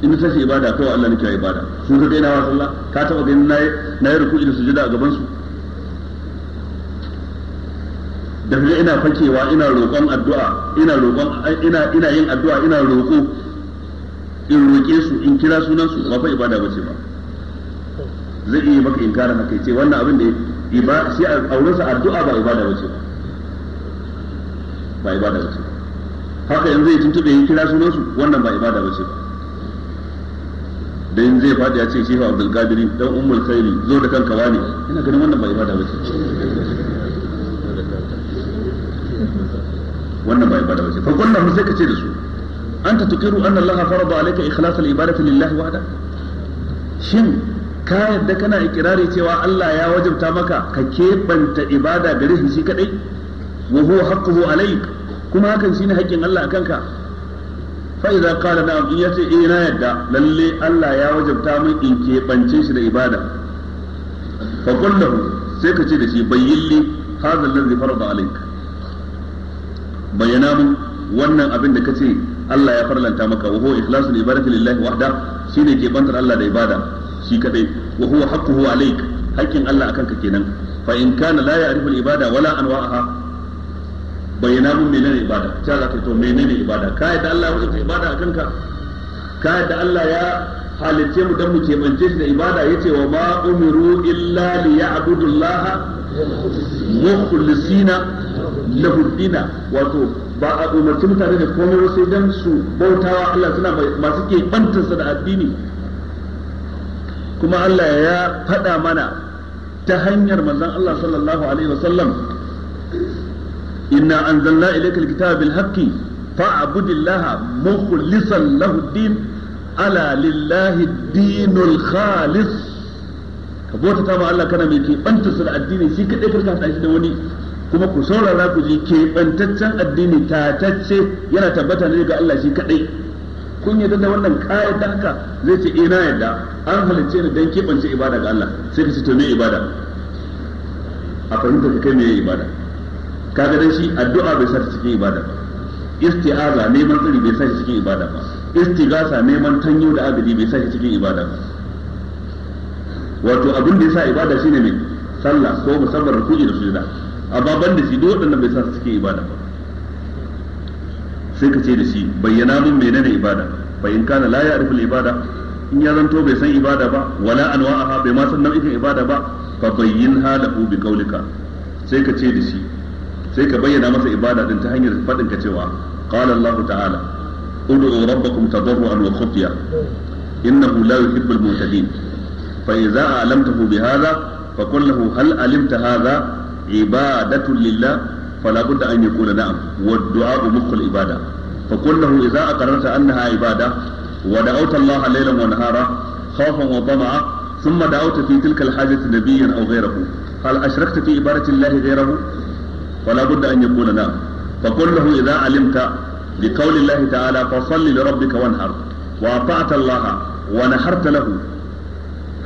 in ta ce ibada kawai Allah nake ibada sun kaga ina wa sallah ka taba ganin nayi nayi ruku'i da sujuda a gaban su da kaga ina fakewa ina roƙon addu'a ina roƙon ina ina yin addu'a ina roƙo in roƙe su in kira sunan su ba fa ibada bace ba zai iya maka inkara haka ce wannan abin da iba shi a wurinsa addu'a ba ibada ba ce ba ibada ba ce haka yanzu ya tuntube ya kira sunan su wannan ba ibada ba ce da in zai faɗi ya ce shehu abdul qadiri dan ummul khairi zo da kanka wani ina ganin wannan ba ibada ba ce wannan ba ibada ba ce fa kullum sai ka ce da su anta tuqiru anna allaha farada alayka ikhlas al-ibadati lillahi wahda shin ka yadda kana ikirari cewa Allah ya wajabta maka ka keɓanta ibada gare shi kadai wa huwa haqquhu alayk kuma hakan shine haƙƙin Allah akan ka fa idza qala na in yace eh na yadda lalle Allah ya wajabta min in keɓance shi da ibada fa qullahu sai ka ce da shi bayyilli hadha allazi farada alayk bayyana mun wannan abin da kace Allah ya farlanta maka wa huwa ikhlasu ibadati lillahi wahda shine keɓantar Allah da ibada shi kadai wa huwa haqquhu alayk haƙƙin Allah akan ka kenan fa in kana la ya'rifu al-ibada wala anwa'aha bayyana mun menene ibada ta za ka to menene ibada ka yadda Allah ya wuce ibada akan ka ka yadda Allah ya halicce mu dan mu mance shi da ibada yace wa ma umiru illa Allah mukhlisina lahu dina wato ba a umarci mutane da komai wasu don su bautawa Allah suna masu ke bantansa da addini kuma Allah ya faɗa mana ta hanyar manzon Allah sallallahu alaihi wasallam inna anzalna ilayka alkitaba bil haqqi fa'budillaha mukhlishan lahu din ala lillahi dinul khalis ka bota ma Allah kana mai keɓanta da addini shi kaɗai karka haɗa shi da wani kuma ku saurara ku ji keɓantaccen addini tatacce yana tabbata ne ga Allah shi kaɗai kun yarda da wannan kayan ta zai ce ina eh, yarda an halince ni dan kebance ibada ga Allah sai ka ce to me ibada a fahimta ka kai me ibada kaga dan shi addu'a bai sa cikin ibada ba isti'aza neman tsari bai sa cikin ibada ba istigasa neman tanyo da abidi bai sa cikin ibada ba wato abin da ya sa ibada shine mai sallah ko musabbar ruku'i da sujda amma ban da shi duk waɗannan bai sa cikin ibada ba sai ka ce da shi bayyana min menene ibada fa in kana la ya'rifu ibada in ya zanto bai san ibada ba wala anwa'aha bai ma san nau'in ibada ba fa bayyinha lahu bi qawlika sai ka ce da shi sai ka bayyana masa ibada din ta hanyar fadin ka cewa qala Allah ta'ala ud'u rabbakum tadarruan wa khufiya innahu la yuhibbul mu'tadin fa idza a'lamtahu bi hadha fa qul lahu hal alimta hadha ibadatun lillah فلا بد أن يقول نعم والدعاء مخ العبادة فقل له إذا أقررت أنها عبادة ودعوت الله ليلا ونهارا خوفا وطمعا ثم دعوت في تلك الحاجة نبيا أو غيره هل أشركت في عبادة الله غيره فلا بد أن يقول نعم فقل له إذا علمت بقول الله تعالى فصل لربك وانهر وأطعت الله ونحرت له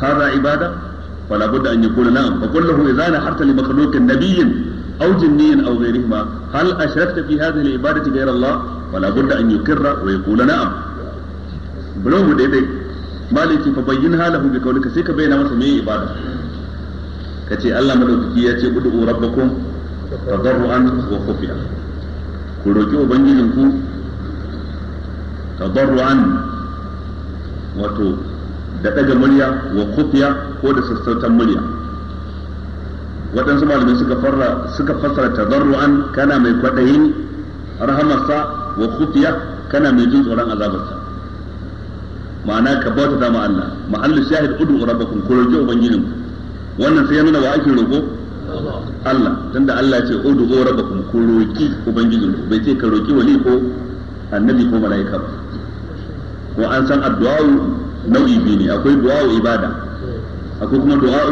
هذا عبادة فلا بد أن يقول نعم فقل له إذا نحرت لمخلوق نبي أو جنيا أو غيرهما هل أشركت في هذه العبادة غير الله ولا بد أن يقر ويقول نعم بلوم ديدي مالك فبينها له بقولك سيك بين مسمي عبادة كتي الله مدوكي يتي ادعوا ربكم تضرعا وخفيا كروكي وبنجلنكو تضرعا وتو da ɗaga murya wa kufiya ko da sassautan murya waɗansu malamai suka fara suka fassara tadarruan kana mai kwaɗayin rahamarsa wa khufiya kana mai jin tsoron azabarsa ma'ana ka bauta da Allah ma'allu shahid udu rabbakum ku roki ubangijin wannan sai ya nuna wa ake roko Allah tunda Allah ce udu rabbakum ku roki ubangijin bai ce ka roki wali ko annabi ko mala'ika ba ko an san addu'a nau'i biyu ne akwai du'a ibada akwai kuma du'a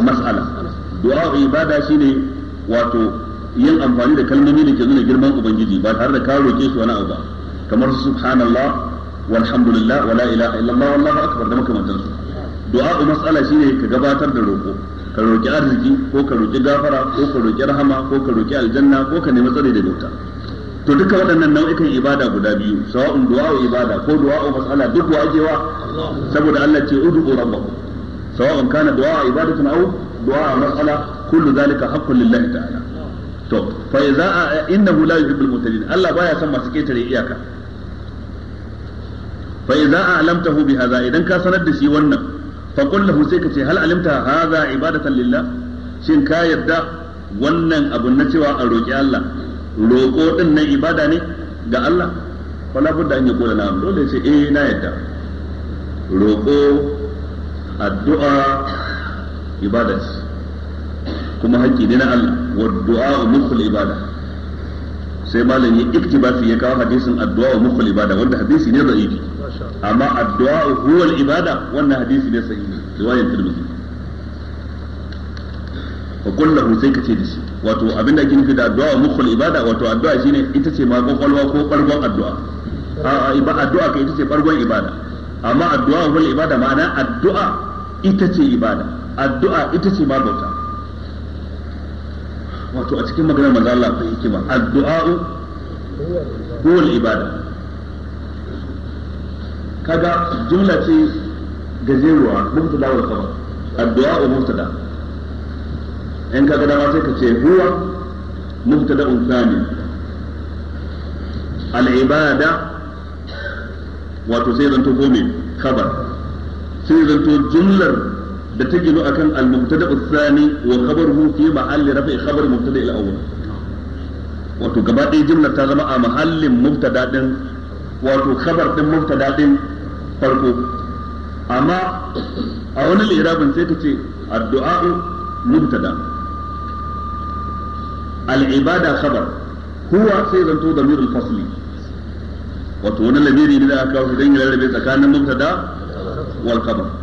mas'ala du'a ibada shine wato yin amfani da kalmomi da ke nuna girman ubangiji ba tare da ka roke shi wani abu ba kamar subhanallah walhamdulillah wala ilaha illallah wallahu akbar da makamantansu du'a mas'ala shine ka gabatar da roko ka roki arziki ko ka roki gafara ko ka roki rahama ko ka roki aljanna ko ka nemi tsare da bauta to duka waɗannan nau'ikan ibada guda biyu sawa'un du'a ibada ko du'a mas'ala duk wa ajewa saboda Allah ce ud'u rabbakum sawa'un kana du'a ibadatun aw du'a mas'ala kullu zalika haqqun lillahi ta'ala to fa idza innahu la yuhibbul mutadin Allah baya son masu ketare iyaka fa idza a'lamtahu bi hadha idan ka sanar da shi wannan fa qul lahu sai ka ce hal alimta shin ka wannan abun na cewa a roƙi Allah Roƙo din ibada ne ga Allah wala budda an yaqula na'am dole sai eh na yadda roko addu'a ibada ce kuma haƙƙi ne na Allah wa du'a wa mukhul ibada sai malam ya iktibasi ya kawo hadisin addu'a wa mukhul ibada wanda hadisi ne da'ifi amma addu'a huwa ibada wannan hadisi ne sahihi riwayar tirmidhi wa kullahu sai ka ce da shi wato abinda ake nufi da addu'a mukhul ibada wato addu'a shine ita ce ma kokolwa ko bargon addu'a a ba addu'a kai ita ce bargon ibada amma addu'a wal ibada ma'ana addu'a ita ce ibada addu'a ita ce ma bauta wato a cikin maganar manzo Allah akwai hikima addu'a ko ibada kaga jumla ce gajeruwa mubtada da wata addu'a mubtada in kaga dama sai ka ce huwa mubtada thani al-ibada wato sai zanto gome khabar sai zanto jumlar da ta gino akan al-mubtada usani wa khabaruhu fi mahalli rafi khabar mubtada ila awwal wato gaba ɗaya jimlar ta zama a mahallin mubtada din wato khabar din mubtada din farko amma a wani irabin sai ta ce addu'a mubtada al-ibada khabar huwa sai zanto damirul fasli wato wani lamiri ne da aka kawo shi dan ya tsakanin mubtada wal khabar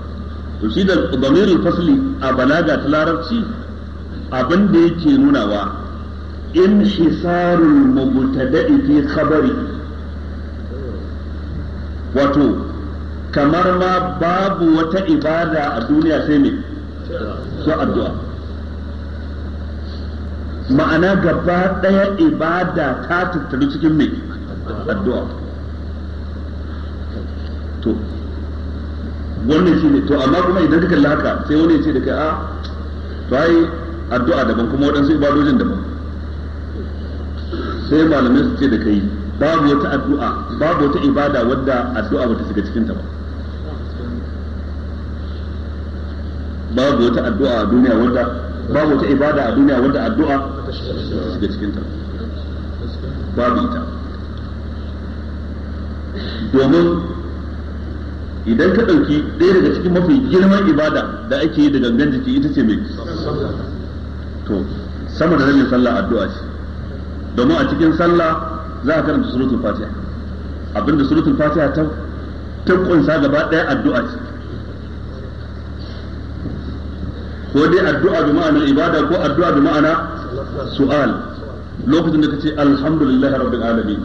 to shi da damirul fasli a balaga ta larabci abin da yake nunawa in hisarul daɗi fi khabari wato kamar ma babu wata ibada a duniya sai mai su addu'a ma'ana gaba ɗaya ibada ta tattaru cikin mai addu'a to wannan shi ne to amma kuma idan kalla haka sai wani ya ce da kai a ah, to ai addu'a daban kuma waɗansu ibadojin daban sai malamai su ce da kai babu wata addu'a babu wata ibada wadda addu'a bata shiga cikin ta ba babu wata addu'a a duniya wadda babu wata ibada a duniya wadda addu'a shiga cikin ta babu ita domin idan ka ɗauki ɗaya daga cikin mafi girman ibada da ake yi da gangan jiki ita ce mai to sama da rabin sallah addu'a ce domin a cikin sallah za a karanta suratul fatiha abinda suratul fatiha ta ta kunsa gaba ɗaya addu'a ce ko dai addu'a bi ma'ana ibada ko addu'a bi ma'ana su'al lokacin da kace alhamdulillahi rabbil alamin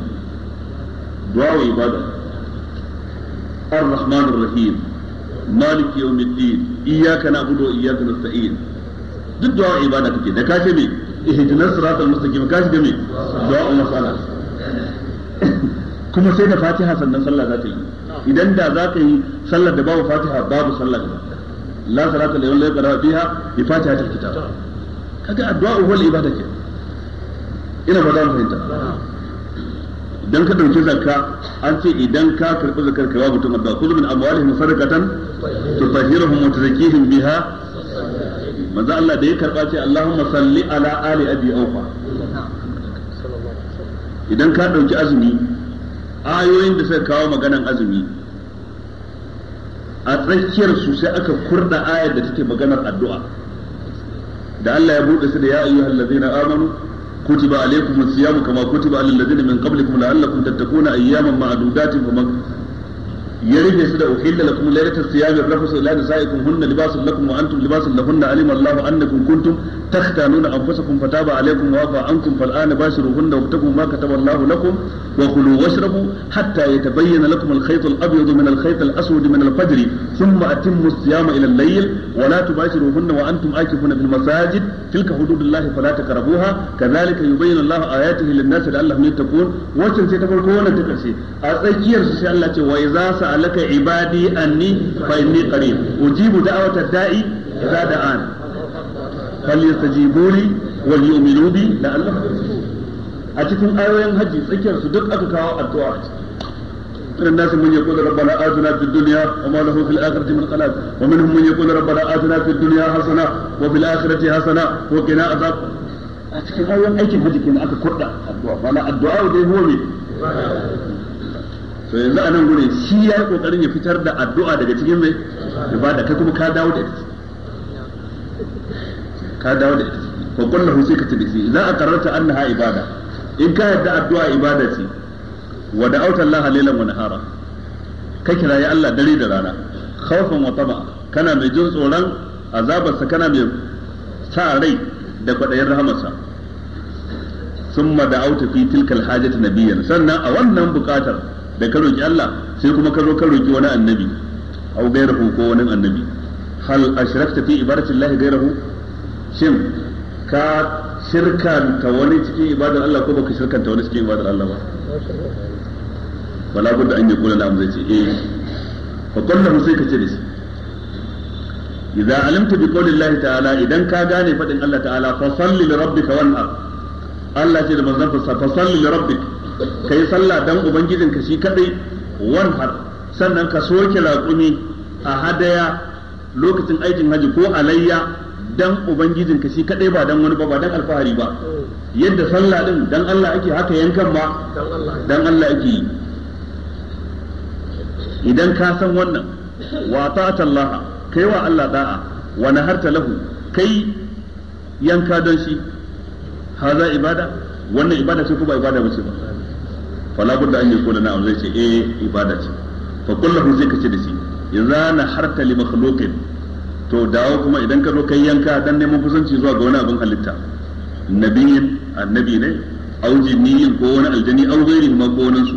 du'a wa ibada الرحمن الرحيم مالك يوم الدين إياك نعبد وإياك نستعين duk du'a ibada kake da kace me ihdinas siratal mustaqim kace da me du'a masala kuma sai da fatiha sannan sallah za ta yi idan da za ka yi sallar da babu fatiha babu sallah la salata liman la yaqra biha bi fatiha ta kitab kaga addu'a wal ibada ke ina ba fahimta dan ka dauki zakka an ce idan ka karbi zakar kai wa mutum addu'a kullu min amwalihim sadaqatan tutahhiruhum wa tuzakkihim biha manzo Allah da ya karba ce Allahumma salli ala ali abi aufa idan ka dauki azumi ayoyin da suka kawo maganan azumi a tsakiyar su sai aka kurda ayar da take maganar addu'a da Allah ya bude su da ya ayyuhallazina amanu كتب عليكم الصيام كما كتب على الذين من قبلكم لعلكم تتقون اياما معدودات فمن ya rufe su da uhilla lakum lailatul siyami rafasu ila nisaikum hunna libasun lakum wa antum libasun lahunna alima Allahu annakum kuntum takhtanuna anfusakum fataba alaykum wa afa ankum fal ana bashiruhunna waktubu ma kataba Allahu lakum wa kulu washrabu hatta yatabayyana lakum al-khayt al-abyad min al-khayt al-aswad min al-fajr thumma atimmu as-siyama ila al-layl wa la tubashiruhunna wa antum akifuna bil masajid tilka hududullahi fala taqrabuha kadhalika yubayyinu Allahu ayatihi lin-nasi la'allahum yattaqun wacce sai ta farko wannan ta karshe a tsakiyar su sai Allah ce wa idza سألك عبادي أني فإني قريب أجيب دعوة الداعي إذا دعان فليستجيبوا لي وليؤمنوا بي لعلهم a cikin ayoyin haji tsakiyar su duk aka kawo addu'a a irin nasu mun yaqulu rabbana atina fid dunya wa ma lahu fil akhirati min wa minhum mun yaqulu rabbana atina fid dunya hasana wa fil akhirati hasana wa qina a cikin ayoyin aikin haji kenan aka kurda addu'a addu'a dai huwa to yanzu a nan gurin shi ya yi kokarin ya fitar da addu'a daga cikin mai ibada kai kuma ka dawo da ita ka dawo da ita fa kullahu sai ka tabi za a karanta annaha ibada in ka yadda addu'a ibada ce wa auta Allah lailan wa nahara ka kira ya Allah dare da rana khawfan wa tama kana mai jin tsoron azabarsa kana mai sa rai da kwaɗayin rahamarsa summa da'awta fi tilkal hajati nabiyyan sannan a wannan buƙatar da ka roki Allah sai kuma ka zo ka roki wani annabi au gairahu ko wani annabi hal ashrakta fi ibadatillahi gairahu shin ka shirkanta wani cikin ibadar Allah ko baka shirkanta wani cikin ibadar Allah ba wala budda an yi kula na'am zai ce eh fa kullahu sai ka ce da shi idan alimta bi qaulillahi ta'ala idan ka gane fadin Allah ta'ala fa salli li rabbika wanhar Allah ce da manzon fa salli li rabbika Ka yi sallah dan ka shi kadai har, sannan ka soke raƙumi a hadaya lokacin aikin haji ko alayya dan ka shi kadai ba don wani ba ba dan alfahari ba yadda sallah din dan Allah ake haka yankan ba dan Allah ake yi idan ka san wannan wa ta'ata Allah kai wa Allah da'a wa naharta lahu kai yanka don shi haza ibada wannan ibada ce ko ba ibada ba ce ba fala budda an yakuna na'am zai ce eh ibada ce fa kullahu zai kace da shi idza naharta li makhluqin to dawo kuma idan ka zo kai yanka dan neman kusanci zuwa ga wani abin halitta nabiyin annabi ne au jinniyin ko wani aljani au ghairi ma ko wani su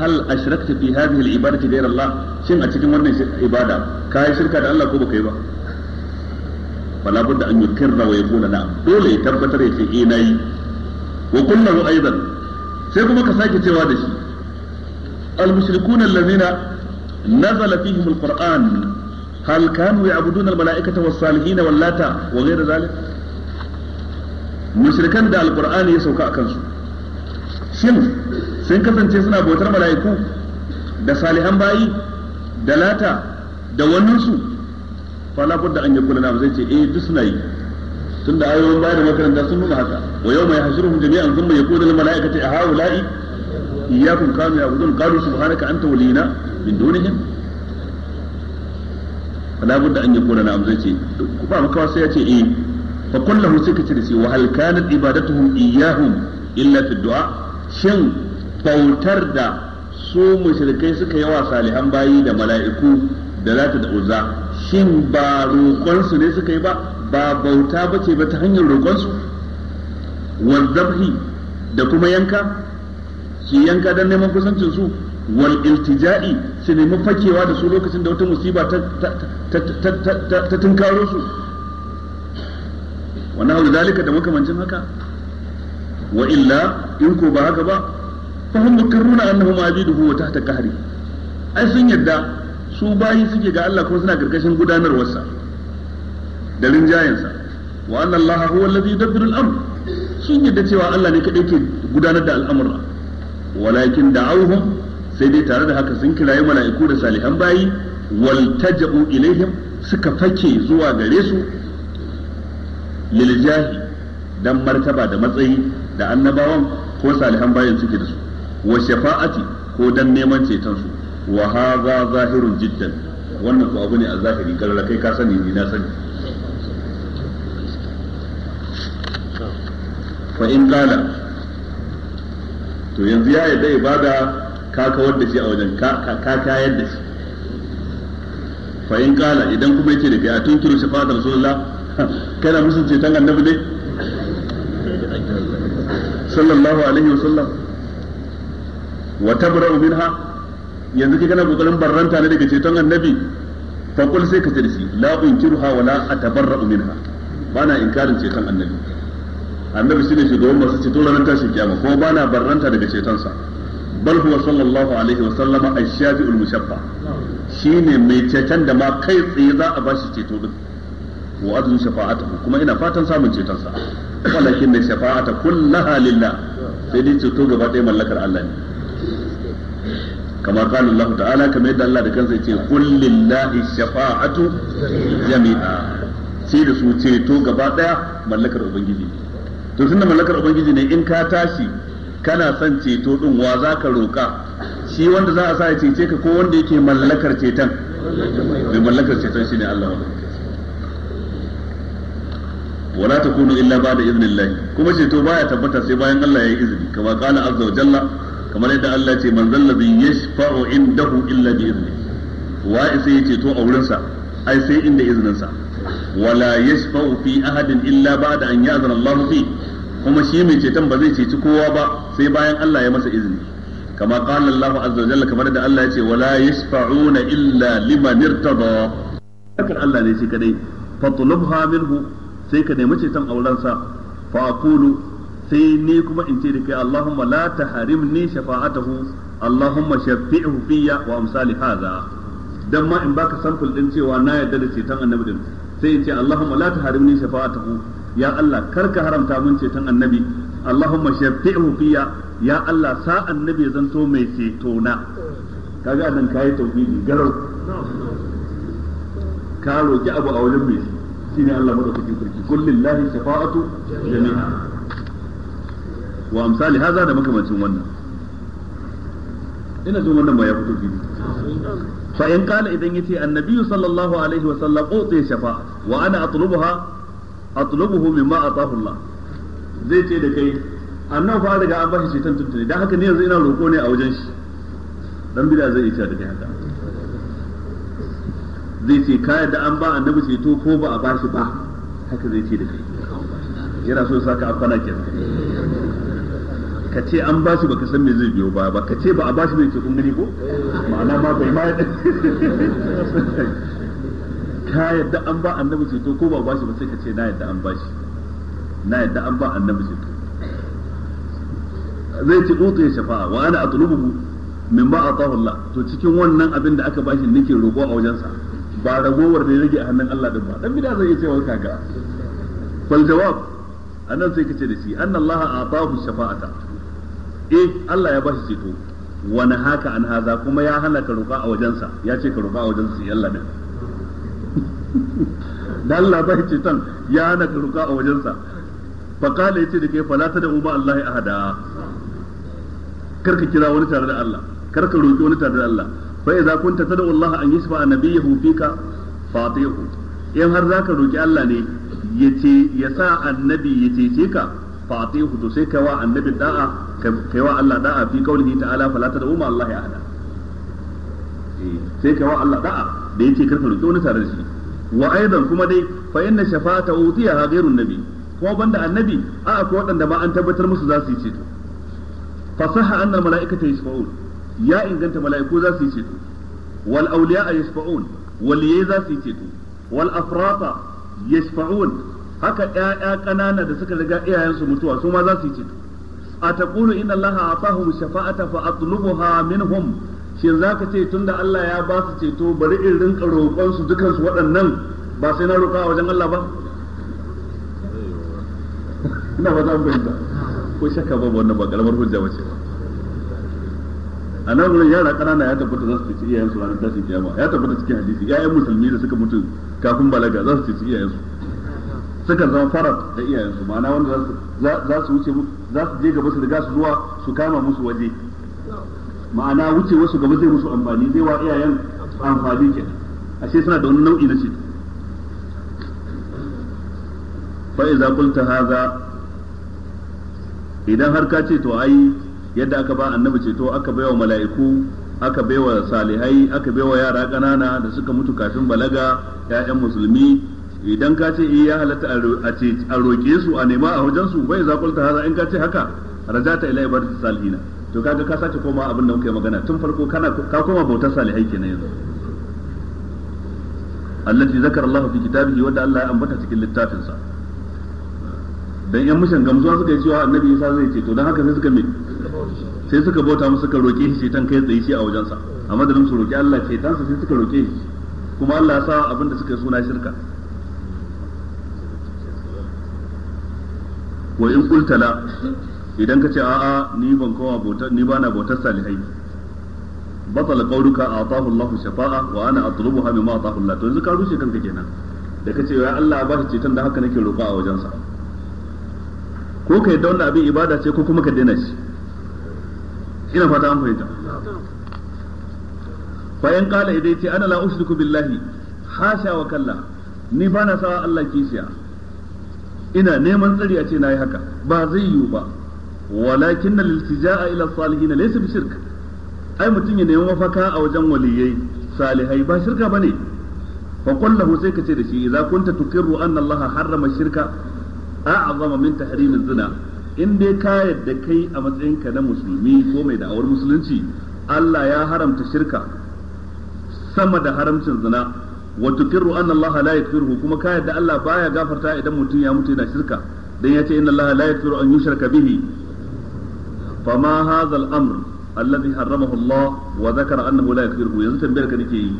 hal ashrakta fi hadhihi al-ibadati ghayra Allah shin a cikin wannan ibada ka yi shirka da Allah ko baka yi ba fala budda an yukirra wa yaqula na'am dole ya tabbatar ya ce eh nayi wa kullahu aidan sai kuma ka sake cewa da shi المشركون الذين نزل فيهم القرآن هل كانوا يعبدون الملائكة والصالحين واللات وغير ذلك مشركان دا القرآن يسوكا أكنسو شن سن كسن سنا بوتر ملائكو دا صالحان باي دا لاتا دا وننسو فلا بد أن يقول لنا بزيتي إيه دسنا tunda ayoyin baya da makaranta sun nuna haka wa yau mai yahshuruhum jami'an thumma yaqulu lil mala'ikati a haula'i iyyakum kanu ya'budun qalu subhanaka anta waliyina min dunihim fala budda an yakuna na zai ce ba makawa sai ya ce eh fa kullahu sai ka ce da shi wa hal kanat ibadatuhum iyyahum illa fi du'a shin bautar da su mushrikai suka yawa wa salihan bayi da mala'iku da lata da uzza shin ba roƙonsu ne suka yi ba ba bauta ba ce ba ta hanyar roƙonsu wal zabhi da kuma yanka shi yanka don neman kusancin su wal iltija'i su nemi fakewa da su lokacin da wata musiba ta tunkaro su wannan hau zalika da makamancin haka wa illa in ko ba haka ba fa hum mukarruna annahum abiduhu wa tahta qahri ai sun yadda su bayi suke ga Allah kuma suna karkashin gudanarwarsa da rinjayensa wa anna allaha huwa alladhi yudabbiru al-amr sun yadda cewa Allah ne kadai ke gudanar da al'amura walakin da'awhum sai dai tare da haka sun kirayi mala'iku da salihan bayi waltaja'u ilaihim suka fake zuwa gare su liljahi dan martaba da matsayi da annabawan ko salihan bayan suke da su wa shafa'ati ko dan neman ceton su wa hadha zahirun jiddan wannan ko abu ne a zahiri kai ka sani ni na sani fa in kala to yanzu ya yadda ibada ka kawar da shi a wajen ka ka kayar da shi fa in kala idan kuma yake da kai a shi shafa'atar rasulullah kana ce tan annabi ne sallallahu alaihi wasallam wa tabra'u minha yanzu kai kana kokarin barranta ne daga ceton annabi fa kul sai ka ce da shi la unkiruha wa atabarra'u minha bana inkarin ceton annabi annabi shine shugaban masu ceto ranar tashin kiyama ko ba na barranta daga cetonsa bal huwa sallallahu alaihi wa sallama ash-shafi'ul mushaffa shine mai ceton da ma kai tsaye za a bashi ceto din wa adlu shafa'atuhu kuma ina fatan samun cetonsa walakin da shafa'ata kullaha lillah sai dai ceto gaba ɗaya mallakar Allah ne kamar qala Allah ta'ala kamar yadda Allah da kansa yace qul lillahi shafa'atu jami'a sai da su ceto gaba ɗaya mallakar ubangiji ne to da mallakar ubangiji ne in ka tashi kana son ceto din wa za ka roƙa shi wanda za a sa ya cece ka ko wanda yake mallakar ceton mai mallakar ceton shine Allah wala takunu illa ba'da idnillahi kuma ceto baya tabbata sai bayan Allah ya yi izini kama qala azza wa jalla kamar yadda Allah ce man zallazi yashfa'u indahu illa bi izni wa ya ceto a wurinsa ai sai inda izinin sa wala yashfa'u fi ahadin illa ba'da an ya'zana Allah fi kuma shi mai ceton ba zai ceci kowa ba sai bayan Allah ya masa izini kama qala Allah azza kamar da Allah ya ce wala yashfa'una illa liman irtada hakan Allah ne shi kadai fatlubha minhu sai ka nemi ceton auren sa fa aqulu sai ni kuma in ce da kai Allahumma la tahrimni shafa'atahu Allahumma shaffi'hu fiyya wa amsali hadha dan ma in baka sample din cewa na yarda da ceton annabi din sai in ce Allahumma la taharimni shafa'atahu ya Allah kar ka haramta min ceton annabi Allahumma shafi'hu fiya ya Allah sa annabi zanto mai ceto na kaga anan kai tauhidi garau ka roki abu a wajen mai shine Allah madaukakin sarki lahi shafa'atu jami'a wa amsali haza da makamancin wannan ina jin wannan ba ya fito fili fa in qala idan yace annabi sallallahu alaihi wa sallam uti shafa wa ana atlubuha atlubuhu mimma atahu Allah zai ce da kai annan fa daga an bashi ceton tuntuni dan haka ne yanzu ina roko ne a wajen shi dan bida zai yi da kai haka zai ce ka da an ba annabi ceto ko ba a bashi ba haka zai ce da kai yana so saka afana kenan ka ce an bashi ka san me zai biyo ba ba ka ce ba a bashi bai ce kun gani ko ma'ana ma bai ma ka yadda an ba annabi ceto ko ba bashi ba sai ka ce na yadda an bashi na yadda an ba annabi ceto zai ce utu ya shafa'a wa ana atlubuhu min ba atahu Allah to cikin wannan abin da aka bashi nake roƙo a wajensa ba ragowar da ya rage a hannun Allah din ba dan bida zai iya cewa kaga fal jawab nan sai kace da shi anna Allah atahu shafa'ata eh Allah ya shi ceto wani haka an haza kuma ya hana ka roƙa a wajensa ya ce ka roƙa a wajensa sai Allah din da Allah shi ceton ya hana ka roƙa a wajensa fa kala yace da kai fala ta da uba Allah ahada kar ka kira wani tare da Allah kar ka roƙi wani tare da Allah fa idza kunta tada Allah an yashfa annabiyahu fika fatihu in har zaka roƙi Allah ne yace ya sa annabi ya cece ka fa to sai kai wa annabi da'a kai wa Allah da'a fi qaulihi ta'ala fala tad'u ma Allah ahada eh, sai kai wa Allah da'a da yake karka roki wani tare da shi wa aidan kuma dai fa inna shafa'ata utiyaha ghairun nabi ko banda annabi a akwai waɗanda ba an tabbatar musu za su yi ceto fasaha anna mala'ikata yashfa'un ya inganta mala'iku za su yi ceto wal awliya yashfa'un waliyai za su yi ceto wal afrata yashfa'un haka ƴaƴa ƙanana da suka riga iyayensu mutuwa su ma za su yi ceto a taqulu inna allaha atahum shafa'ata fa atlubuha minhum shin zaka ce tunda Allah ya ba su ceto bari in rinka roƙon su dukan su waɗannan ba sai na roƙa wajen Allah ba ina ba zan bayyana ko shakka ba wannan ba kalmar hujja ba ce anan a nan yara ƙanana ya tabbata za su ci iyayensu ranar tashin kiyama ya tabbata cikin hadisi ƴaƴan musulmi da suka mutu kafin balaga za su ci iyayensu suka zama farar da iyayensu ma'ana wanda za su wuce za su je gaba su riga su zuwa su kama musu waje ma'ana wuce wasu gaba zai musu amfani zai wa iyayen amfani a ashe suna da wani nau'i na ce fa iza qulta hadha idan har ka ce to ai yadda aka ba annabi ce to aka baiwa mala'iku aka baiwa salihai aka baiwa yara kanana da suka mutu kafin balaga 'ya'yan musulmi idan ka ce iya eh, halatta a roƙe su a nema a wajen su bai za kulta haza in ka ce haka rajata ila ibadatu salihina to kaga ka sace koma abin da muka yi magana tun farko kana ka koma bautar salihai kenan yanzu allati zakara Allah fi kitabihi wanda Allah ya ambata cikin littafin sa dan yan mushin gamsuwa suka yi cewa annabi Isa zai ce to dan haka sai suka me sai suka bauta musu suka roƙe shi tan kai tsaye shi a wajensa a madadin su roƙi Allah ce tan sai suka roƙe shi kuma Allah ya sa abin da suka suna shirka wa in kultala idan ka ce a'a ni ban kowa bautar ni bana bautar salihai batal qawluka atahu Allahu shafa'a wa ana atlubuha mimma atahu Allah to yanzu ka rushe kanka kenan da ka ce ya Allah ba shi ceton da haka nake roƙa a wajensa ko ka yadda wannan abin ibada ce ko kuma ka daina shi ina fata an fahimta bayan kala idai ce ana la ushriku billahi hasha wa kalla ni ba na sawa Allah kishiya ina neman tsari a ce yi haka ba zai yiwu ba walakin na a ila na laysa bi shirka ai mutum ya neman mafaka a wajen waliyai salihai ba shirka bane fa qullahu sai ka ce da shi idza kunta tuqirru anna allaha harrama shirka a'zama min tahrim zina in dai ka yadda kai a ka na musulmi ko mai da'awar musulunci Allah ya haramta shirka sama da haramcin zina wa tuqirru anna Allah la yaghfiruhu kuma ka yadda Allah baya gafarta idan mutum ya mutu yana shirka dan yace inna Allah la yaghfiru an yushraka bihi fama hadha al-amr alladhi harramahu Allah wa dhakara annahu la yaghfiruhu yanzu tambayar ka nake yi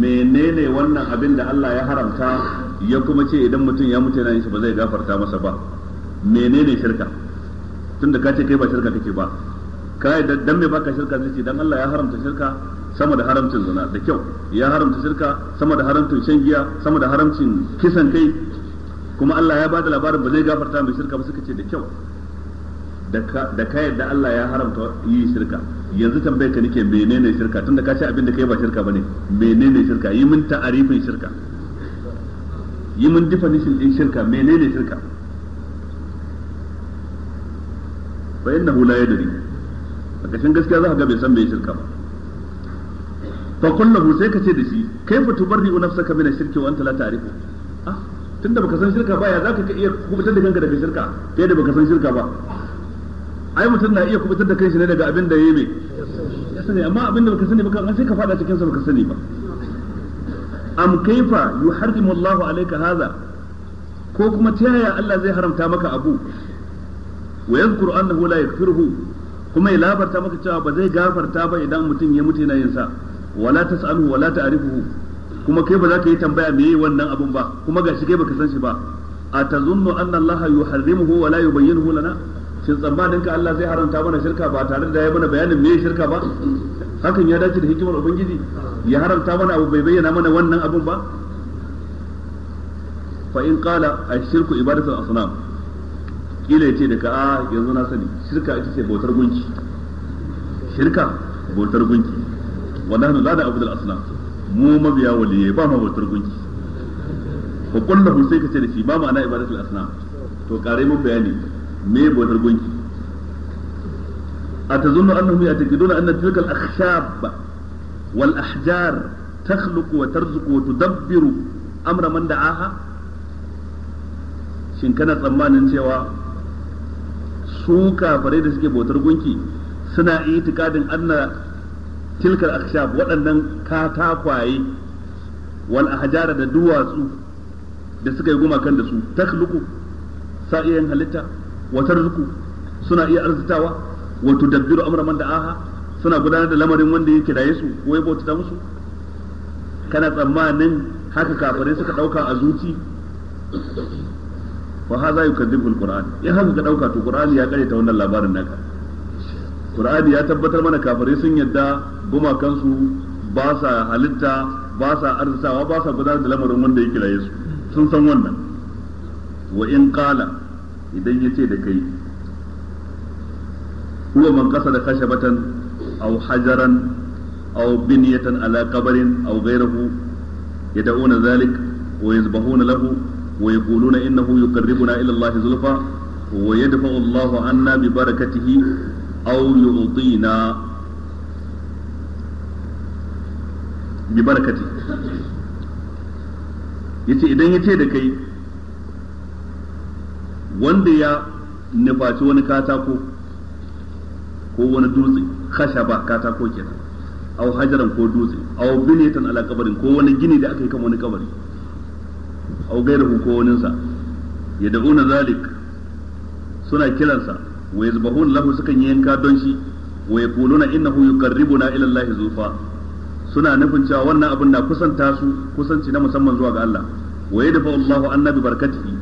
menene wannan abin da Allah ya haramta ya kuma ce idan mutum ya mutu yana yin shi ba zai gafarta masa ba menene shirka tunda ka ce kai ba shirka kake ba kai dan me baka shirka zai ce dan Allah ya haramta shirka sama da haramcin zina da kyau ya haramta shirka sama da haramcin shan giya sama da haramcin kisan kai kuma Allah ya bada labarin ba zai gafarta mai shirka ba suka ce da kyau da ka yadda Allah ya haramta yi shirka yanzu tambayar ka nake menene shirka tunda ka ce abin da kai ba shirka bane menene shirka yi min ta'arifin shirka yi min definition din shirka menene shirka fa innahu la yadri a kashin gaskiya za ka ga bai san me shirka ba fa kullahu sai ka ce da shi kai fa tubarri'u nafsaka min ash-shirki wa anta la ta'rifu ah tunda baka san shirka ba ya zaka iya kubutar da kanka daga shirka kai da baka san shirka ba ai mutum na iya kubutar da kanshi ne daga abin da yayi ya sani amma abin da baka sani ba sai ka fada cikin sa baka sani ba am kaifa yuharrimu Allahu alayka hadha ko kuma ta yaya Allah zai haramta maka abu wa yadhkuru annahu la yaghfiruhu kuma ya labarta maka cewa ba zai gafarta ba idan mutum ya mutu yana yin sa wala tas'alu wala ta'rifuhu kuma kai ba za ka yi tambaya me yi wannan abun ba kuma gashi kai baka san shi ba atazunnu anna Allah yuharrimuhu wala la yubayyinuhu lana shin tsammanin ka Allah zai haramta mana shirka ba tare da ya mana bayanin me shirka ba hakan ya dace da hikimar ubangiji ya haramta mana abu bai bayyana mana wannan abun ba fa in qala ashirku ibadatul asnam kila yace da ka a ah, yanzu na sani shirka ita ce bautar gunki shirka bautar gunki wa nahnu la na'budu al-asnam mu mabiya waliyai ba ma bautar gunki fa kullahu sai ka ce da shi ba ma'ana ibadatul asnam to kare mun bayani me bautar gunki atazunnu annahum ya'taqiduna anna tilka al-akhshab wal ahjar takhluqu wa amra man shin kana tsammanin cewa su kafare da suke bautar gunki suna itikadin anna Tilkar akshab waɗannan katakwaye wal ahjara da duwatsu da suka yi gumakan da su takhluqu sa'iyan halitta wa tarzuqu suna iya arzitawa wa tudabbiru amra man da'aha suna gudanar da lamarin wanda yake da su ko ya bauta musu kana tsammanin haka kafirai suka dauka a zuci wa haza yukadibu alquran in haka ka dauka to qur'ani ya kare ta wannan labarin naka qur'ani ya tabbatar mana kafirai sun yadda gumakansu ba sa halitta ba sa arzasawa ba sa gudanar da lamarin wanda ya kiraye su sun san wannan wa in qala idan yace da kai huwa man da khashabatan aw hajaran aw binyatan ala qabrin aw ghayrihi yad'una dhalik wa yasbahuna lahu wa yaquluna innahu yuqarribuna ila Allah zulfa wa yadfa'u Allah anna bi barakatihi aw yu'tina bi barakati yace idan ya ce da kai wanda ya nufaci wani katako ko wani dutse kasha ba katako kenan au hajaran ko dutse au binatan ala kabarin ko wani gini da aka yi kan wani kabari au gairahu ko waninsa ya da'una zalik suna kiransa wa yazbahun lahu sukan yi yanka don shi wa yaquluna innahu yuqarribuna ila Allah zulfa suna nufin cewa wannan abin na kusanta su kusanci na musamman zuwa ga Allah wa yadfa Allahu annabi barakatihi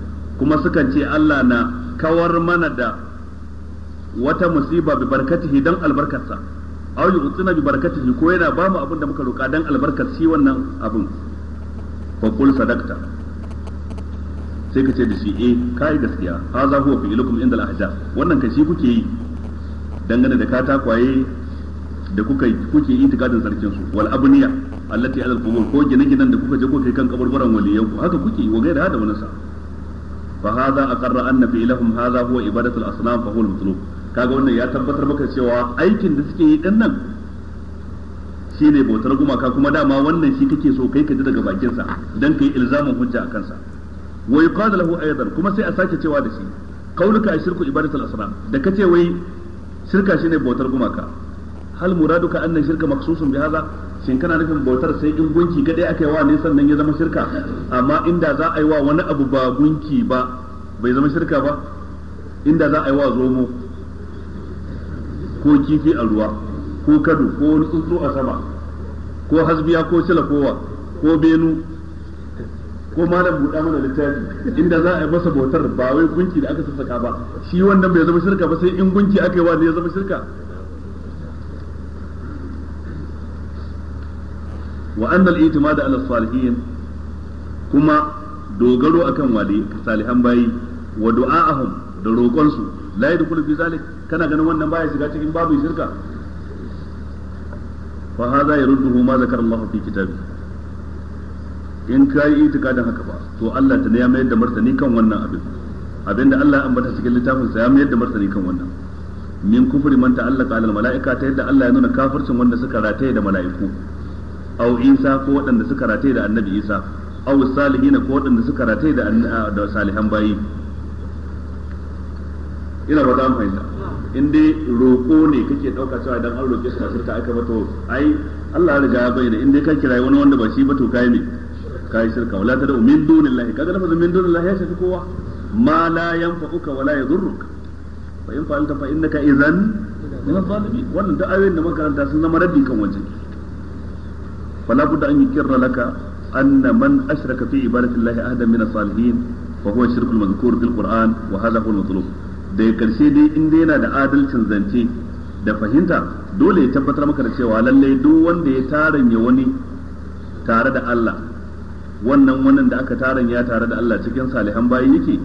kuma sukan ce Allah na kawar mana da wata musiba bi barakatihi dan albarkarsa aw yu'tina bi barakatihi ko yana ba mu abin da muka roka dan albarkar shi wannan abin fa qul sadaqta sai ka ce da shi eh kai gaskiya haza huwa fi ilukum al ahja wannan kai shi kuke yi dangane da kwaye da kuka kuke yi tikadin sarkin su wal abniya allati ala al-qubur ko gine-ginen da kuka je ko kai kan kaburburan waliyanku haka kuke yi wa gaira da wannan sa fa hadha aqarra anna fi ilahum hadha huwa ibadatu al-asnam fa huwa al kaga wannan ya tabbatar maka cewa aikin da suke yi din nan shine bautar gumaka kuma dama wannan shi kake so kai ka ji daga bakin sa dan kai ilzamin hujja akan sa wai yuqalu lahu aidan kuma sai a sake cewa da shi qauluka shirku ibadatul asnam da ce wai shirka shine bautar gumaka hal muraduka annan shirka maksusun bi haza shin kana nufin bautar sai in gunki kaɗai aka yi wa ne sannan ya zama shirka amma inda za a yi wa wani abu ba gunki ba bai zama shirka ba inda za a yi wa zomo ko kifi a ruwa ko kado ko wani tsuntsu a sama ko hasbiya ko kowa, ko benu ko malam buɗa mana littafi inda za a yi masa bautar ba wai gunki da aka sassaka ba shi wannan bai zama shirka ba sai in gunki aka yi wa ne ya zama shirka wa annal itimadu ala salihin kuma dogaro akan wali salihan bayi wa du'a'ahum da roƙon su la yadkhulu fi zalik kana ganin wannan baya shiga cikin babu shirka fa hadha yarudduhu ma zakara Allah fi kitabihi in ka yi itikadin haka ba to Allah ta ya mayar da martani kan wannan abin abinda Allah ya ambata cikin littafin sa ya mayar da martani kan wannan min kufri man ta'allaqa alal mala'ika ta yadda Allah ya nuna kafircin wanda suka rataye da mala'iku aw Isa ko waɗanda suka rataye da Annabi Isa aw salihina ko waɗanda suka rataye da da salihan bayi ina ba da mu fahimta in dai roƙo ne kake ɗauka cewa idan an roƙe shi ka aka ba to ai Allah ya riga ya bayyana in dai ka kirayi wani wanda ba shi ba to kai ne kai shirka wala ta tad'u min dunillahi kaga lafazin min dunillahi ya shafi kowa ma la yanfa'uka wala yadhurruka fa in fa'alta fa innaka idhan min adh-dhalimin wannan da ayoyin da makaranta sun zama raddi kan waje fala budda an yukirra laka anna man ashraka fi ibadati llahi ahadan min as-salihin fa huwa shirkul madhkur fil qur'an wa hadha huwa al-matlub da karshe dai in dai yana da adalcin zance da fahimta dole ya tabbatar maka da cewa lallai duk wanda ya taranya wani tare da Allah wannan wannan da aka taron ya tare da Allah cikin salihan bayi yake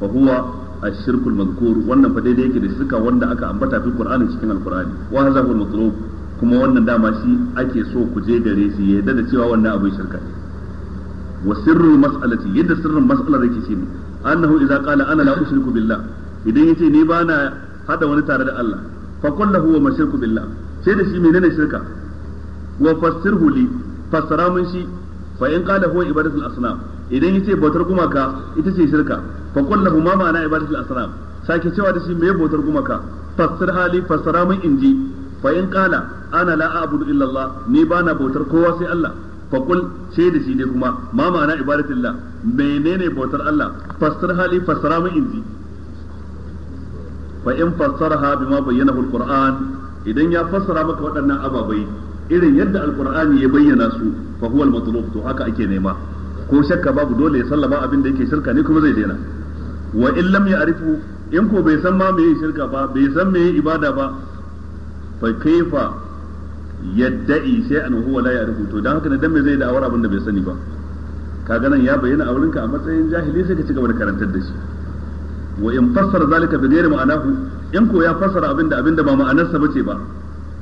fa huwa ashirkul mazkur wannan fa daidai yake da shirka wanda aka ambata fi qur'ani cikin alqur'ani wa hadha huwa matlub kuma wannan dama shi ake so ku je gare shi ya yarda da cewa wannan abin shirka ne wa sirrul mas'alati yadda sirrin mas'alar yake shi annahu idza qala ana la ushriku billah idan yace ni ba na hada wani tare da Allah fa kullahu wa mashirku billah sai da shi menene shirka wa fassirhu li fassara mun shi fa in qala huwa ibadatul asnam idan yace bautar gumaka ita ce shirka fa qul lahu ma ma'ana ibadatul asnam sake cewa da shi me bautar gumaka fassir hali fassara min inji fa in qala ana la a'budu illa Allah ni bana bautar kowa sai Allah fa qul sai da shi ne kuma ma ma'ana Allah. menene bautar Allah fassir hali fassara min inji fa in fassara bima bayyana alquran idan ya fassara maka waɗannan ababai irin yadda alqur'ani ya bayyana su fa huwal matlub to haka ake nema ko shakka babu dole ya sallama abin da yake shirka ne kuma zai daina wa in lam ya'rifu in ko bai san ma meye shirka ba bai san me meye ibada ba fa kaifa yadda'i shay'an huwa la ya'rifu to dan haka ne dan me zai da'awar abin da bai sani ba kaga nan ya bayyana a wurinka a matsayin jahili sai ka ci gaba da karantar da shi wa in fassara zalika bi ghairi ma'anahu in ko ya fassara abin da abin da ba ma'anarsa bace ba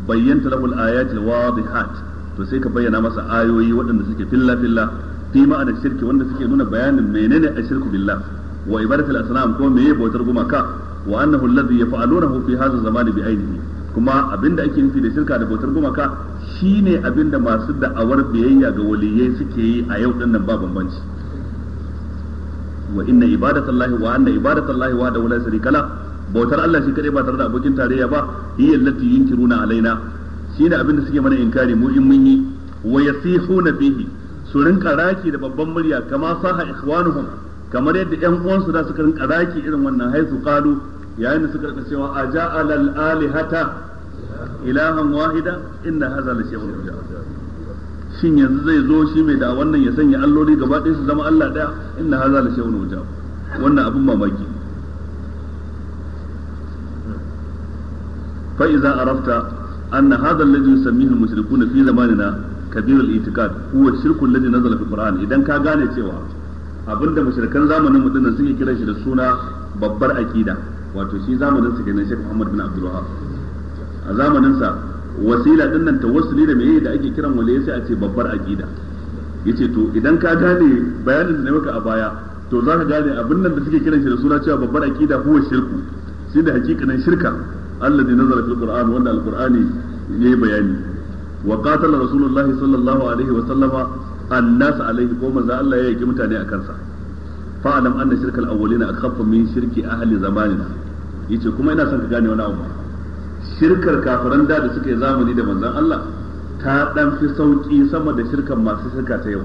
bayyanta lahul ayatil wadihat to sai ka bayyana masa ayoyi waɗanda suke filla filla fi ma'anar shirki wanda suke nuna bayanin menene ashirku billah wa ibadatul asnam ko meye bautar gumaka wa annahu alladhi yaf'alunahu fi hadha zaman bi ainihi kuma abinda ake nufi da shirka da bautar gumaka shine abinda masu da'awar biyayya ga waliyai suke yi a yau dinnan ba bambanci wa inna ibadatallahi wa anna ibadatallahi wa da wala sharika la bautar Allah shi kadai ba tare da abokin tarayya ba hiya allati yunkiruna alaina ne abin da suke mana inkari mu in mun yi wa yasihuna bihi su rinka raki da babban murya kama saha ikhwanuhum kamar yadda ƴan uwansu da suka rinka raki irin wannan haisu qalu yayin da suka cewa ilahan wahida shin yanzu zai zo shi mai da wannan ya sanya alloli gaba ɗaya su zama Allah ɗaya inna hadha la shay'un ujab wannan abin mamaki fa'iza idza arafta anna hadha alladhi yusammihi al-mushrikuna fi zamanina kabir al-i'tiqad huwa shirku alladhi nazala fi al-Qur'an idan ka gane cewa abinda mushrikan zamanin mu suke kiran shi da suna babbar aqida wato shi zamanin sa kenan Sheikh Muhammad bin Abdul Wahhab a zamanin sa wasila dinnan tawassuli da ake kiran a babbar yace to idan ka gane bayanin da maka a baya to za ka gane abin nan da suke kiran shi da suna cewa babbar akida huwa shirku sai da hakikanin shirka allazi nazala fil qur'an wanda alqur'ani yayi bayani wa qatala rasulullah sallallahu alaihi wa sallama annas alaihi ko manzo Allah ya yaki mutane a kansa fa alam anna shirkal awwalina akhaffa min shirki ahli zamanina yace kuma ina son ka gane wani abu shirkar kafiran da da suke zamani da manzon Allah ta dan fi sauki sama da shirkan masu shirka ta yau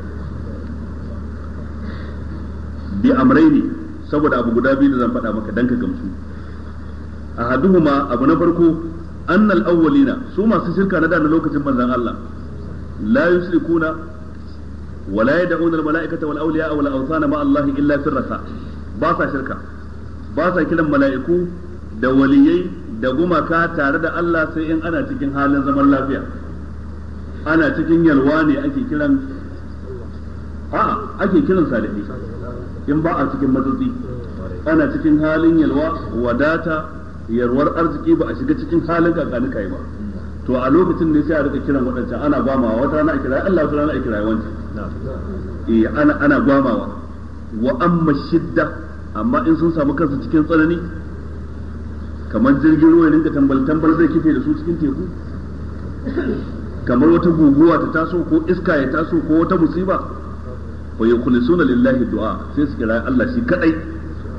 bi amraini saboda abu guda biyu da zan faɗa maka dan ka gamsu A ahaduhuma abu na farko annal awwalina su masu shirka na da na lokacin manzon Allah la yusrikuna wala yad'una al mala'ikata wal awliya wal awthana ma Allah illa firrasa ba sa shirka ba sa kiran mala'iku da waliyai da gumaka tare da Allah sai in ana cikin halin zaman lafiya ana cikin yalwa ne ake kiran a'a ake kiran salihi in ba a cikin matsatsi ana cikin halin yalwa wadata yarwar arziki ba a shiga cikin halin kakani kai ba to a lokacin ne sai a rika kiran waɗancan ana gwamawa wata rana a kirayen Allah wata rana a kirayen wancan eh ana ana gwamawa wa amma shidda amma in sun samu kansu cikin tsanani kamar jirgin ruwa rinka tambal tambal zai kife da su cikin teku kamar wata guguwa ta taso ko iska ya taso ko wata musiba wa yakhlisuna lillahi du'a sai su kira Allah shi kadai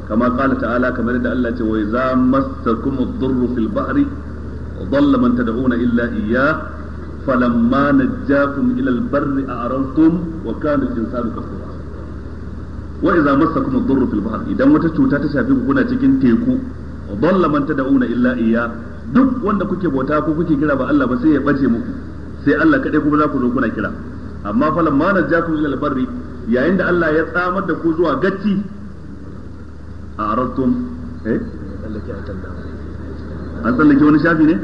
kama qala ta'ala kamar da Allah ce wai za massakum ad-durru fil bahri dhalla man tad'una illa iyyah falamma najjakum ila al-barri a'radtum wa kana al-insanu kafura wa idza massakum ad-durru fil idan wata cuta ta shafi kukuna cikin teku illa duk wanda kuke bauta ko kuke kira ba Allah ba sai ya bace muku sai Allah kadai kuma za ku zo kuna kira amma falamma jakun ila al-barri yayin da Allah ya tsamar da ku zuwa gacci Eh? a arattum eh an tsallake wani shafi ne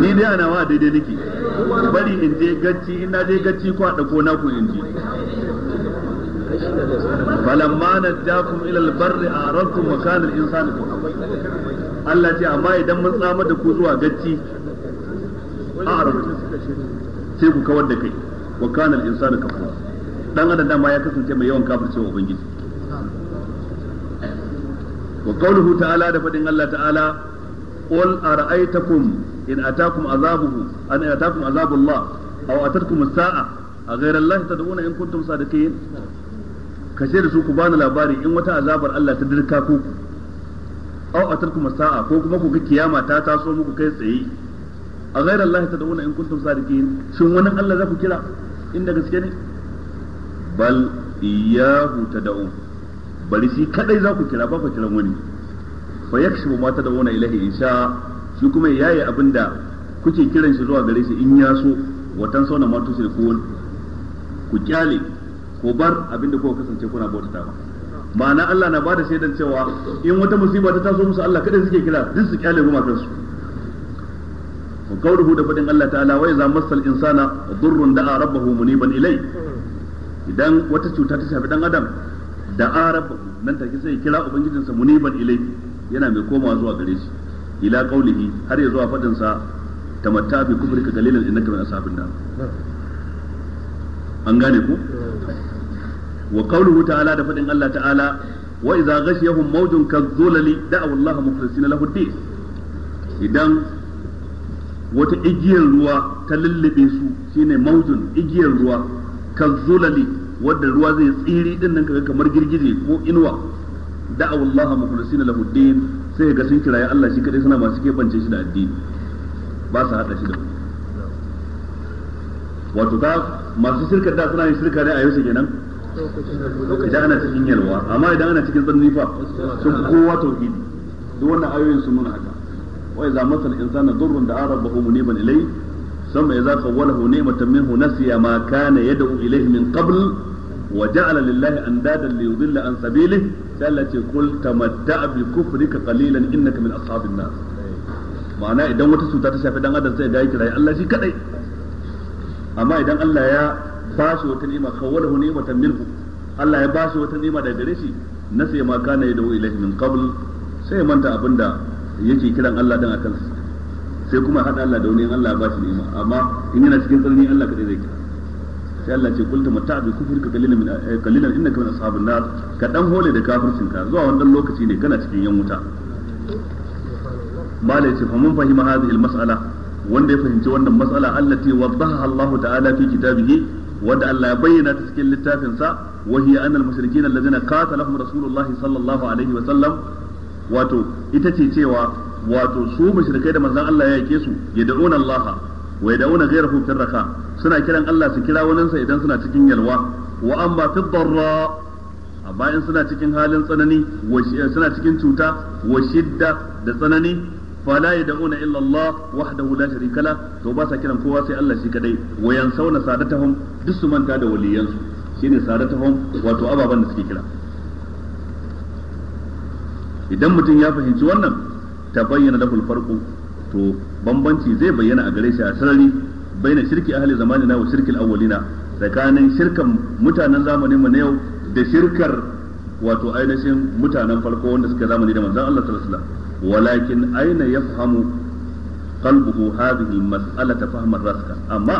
ni dai ana wa daidai nake bari in je gacci in na je gacci ko a na ku in ji falamma najjakum ila albarri a makana al-insani Allah ce amma idan mun tsamar da ku zuwa gacci a'radu sai ku kawar da kai wa kana al-insanu kafura dan adam dama ya kasance mai yawan kafircewa ubangiji wa qawluhu ta'ala da fadin Allah ta'ala qul ara'aytakum in azabuhu an aw atatkum as-sa'a a ghayra Allah tad'una in kuntum sadiqin kashe da su ku bani labari in wata azabar Allah ta dirka ku aw atatkum as-sa'a ko kuma ku ga kiyama ta taso muku kai tsaye a ghairar Allah ta dauna in kuntum sadiqin shin wani Allah za ku kira inda gaske ne bal iyahu da'u. bari shi kadai za ku kira ba ku kiran wani fa yakshu ma dauna ilahi insha shi kuma yayi abinda kuke kiran shi zuwa gare shi in ya so watan sauna ma tushe ku ku kyale ko bar abinda kuka kasance kuna bautata ba ma'ana Allah na bada shaidan cewa in wata musiba ta taso musu Allah kadai suke kira duk su kyale kansu wa qawluhu da fadin Allah ta'ala wa idza massal insana durrun da'a rabbahu muniban ilai idan wata cuta ta shafi dan adam da'a rabbahu nan take sai kira ubangijinsa muniban ilai yana mai komawa zuwa gare shi ila qawlihi har ya zuwa fadin sa tamatta bi kufrika qalilan innaka min ashabin nar an gane ku wa qawluhu ta'ala da fadin Allah ta'ala wa idza ghashiyahum da'a idan wata igiyar ruwa ta lullube su shine maujun igiyar ruwa kazzulali wadda ruwa zai tsiri din nan kaga kamar girgije ko inuwa da'aw Allah mukhlisina lahu din sai ga sun kiraye Allah shi kadai suna masu kebance shi da addini ba su hada shi da wato ka masu shirka da suna yin shirka ne a yau kenan idan ana cikin yalwa amma idan ana cikin tsannifa sun kowa tauhidi duk wannan ayoyin sun nuna haka wa idza masal insana durrun da'a rabbahu muniban ilayhi thumma idza khawwalahu ni'matan minhu nasiya ma kana yad'u ilayhi min qabl wa ja'ala lillahi andadan liyudilla an sabilihi sai Allah ce kul tamatta'a bi kufrika qalilan innaka min ashabin nar ma'ana idan wata cuta ta shafi dan adam sai ga yake rayi Allah shi kadai amma idan Allah ya ba shi wata ni'ima khawwalahu ni'matan minhu Allah ya ba shi wata ni'ima daga gare shi nasiya ma kana yad'u ilayhi min qabl sai manta abinda yake kiran Allah dan akan sai kuma haɗa Allah da wani Allah ba shi ni'ima amma in yana cikin tsarni Allah kaɗai zai kira sai Allah ce kulta mata bi ka qalilan min eh, qalilan innaka min ashabin nar ka dan hole da kafircin ka zuwa wannan lokaci ne kana cikin yan wuta malai ce fa mun fahima hadhihi mas'ala wanda ya fahimci wannan mas'ala allati waddaha Allah ta'ala fi kitabihi wanda Allah ya bayyana ta cikin littafin sa wa hiya anna al-mushrikeena alladhina qatalahum rasulullah sallallahu alaihi wa sallam wato ita ce cewa wato su mushrikai da manzon Allah ya yake su yad'una Allah wa yad'una ghayrahu fi raka suna kiran Allah su kira waninsa idan suna cikin yalwa wa amma fi darra amma in suna cikin halin tsanani eh, suna cikin cuta wa shidda da tsanani fala yad'una illa Allah wahdahu la sharika la to ba sa kiran kowa sai Allah shi kadai wa yansauna sadatahum duk su manta da waliyansu shine sadatahum wato ababan da suke kira idan mutum ya fahimci wannan ta bayyana lahul farko to bambanci zai bayyana a gare shi a sarari baina shirki ahli zamanina wa shirkil awwalina tsakanin shirkan mutanen zamanin mu na yau da shirkar wato ainihin mutanen farko wanda suka zamani da manzon Allah sallallahu alaihi wasallam walakin aina yafhamu qalbuhu hadhihi mas'alata fahman raska amma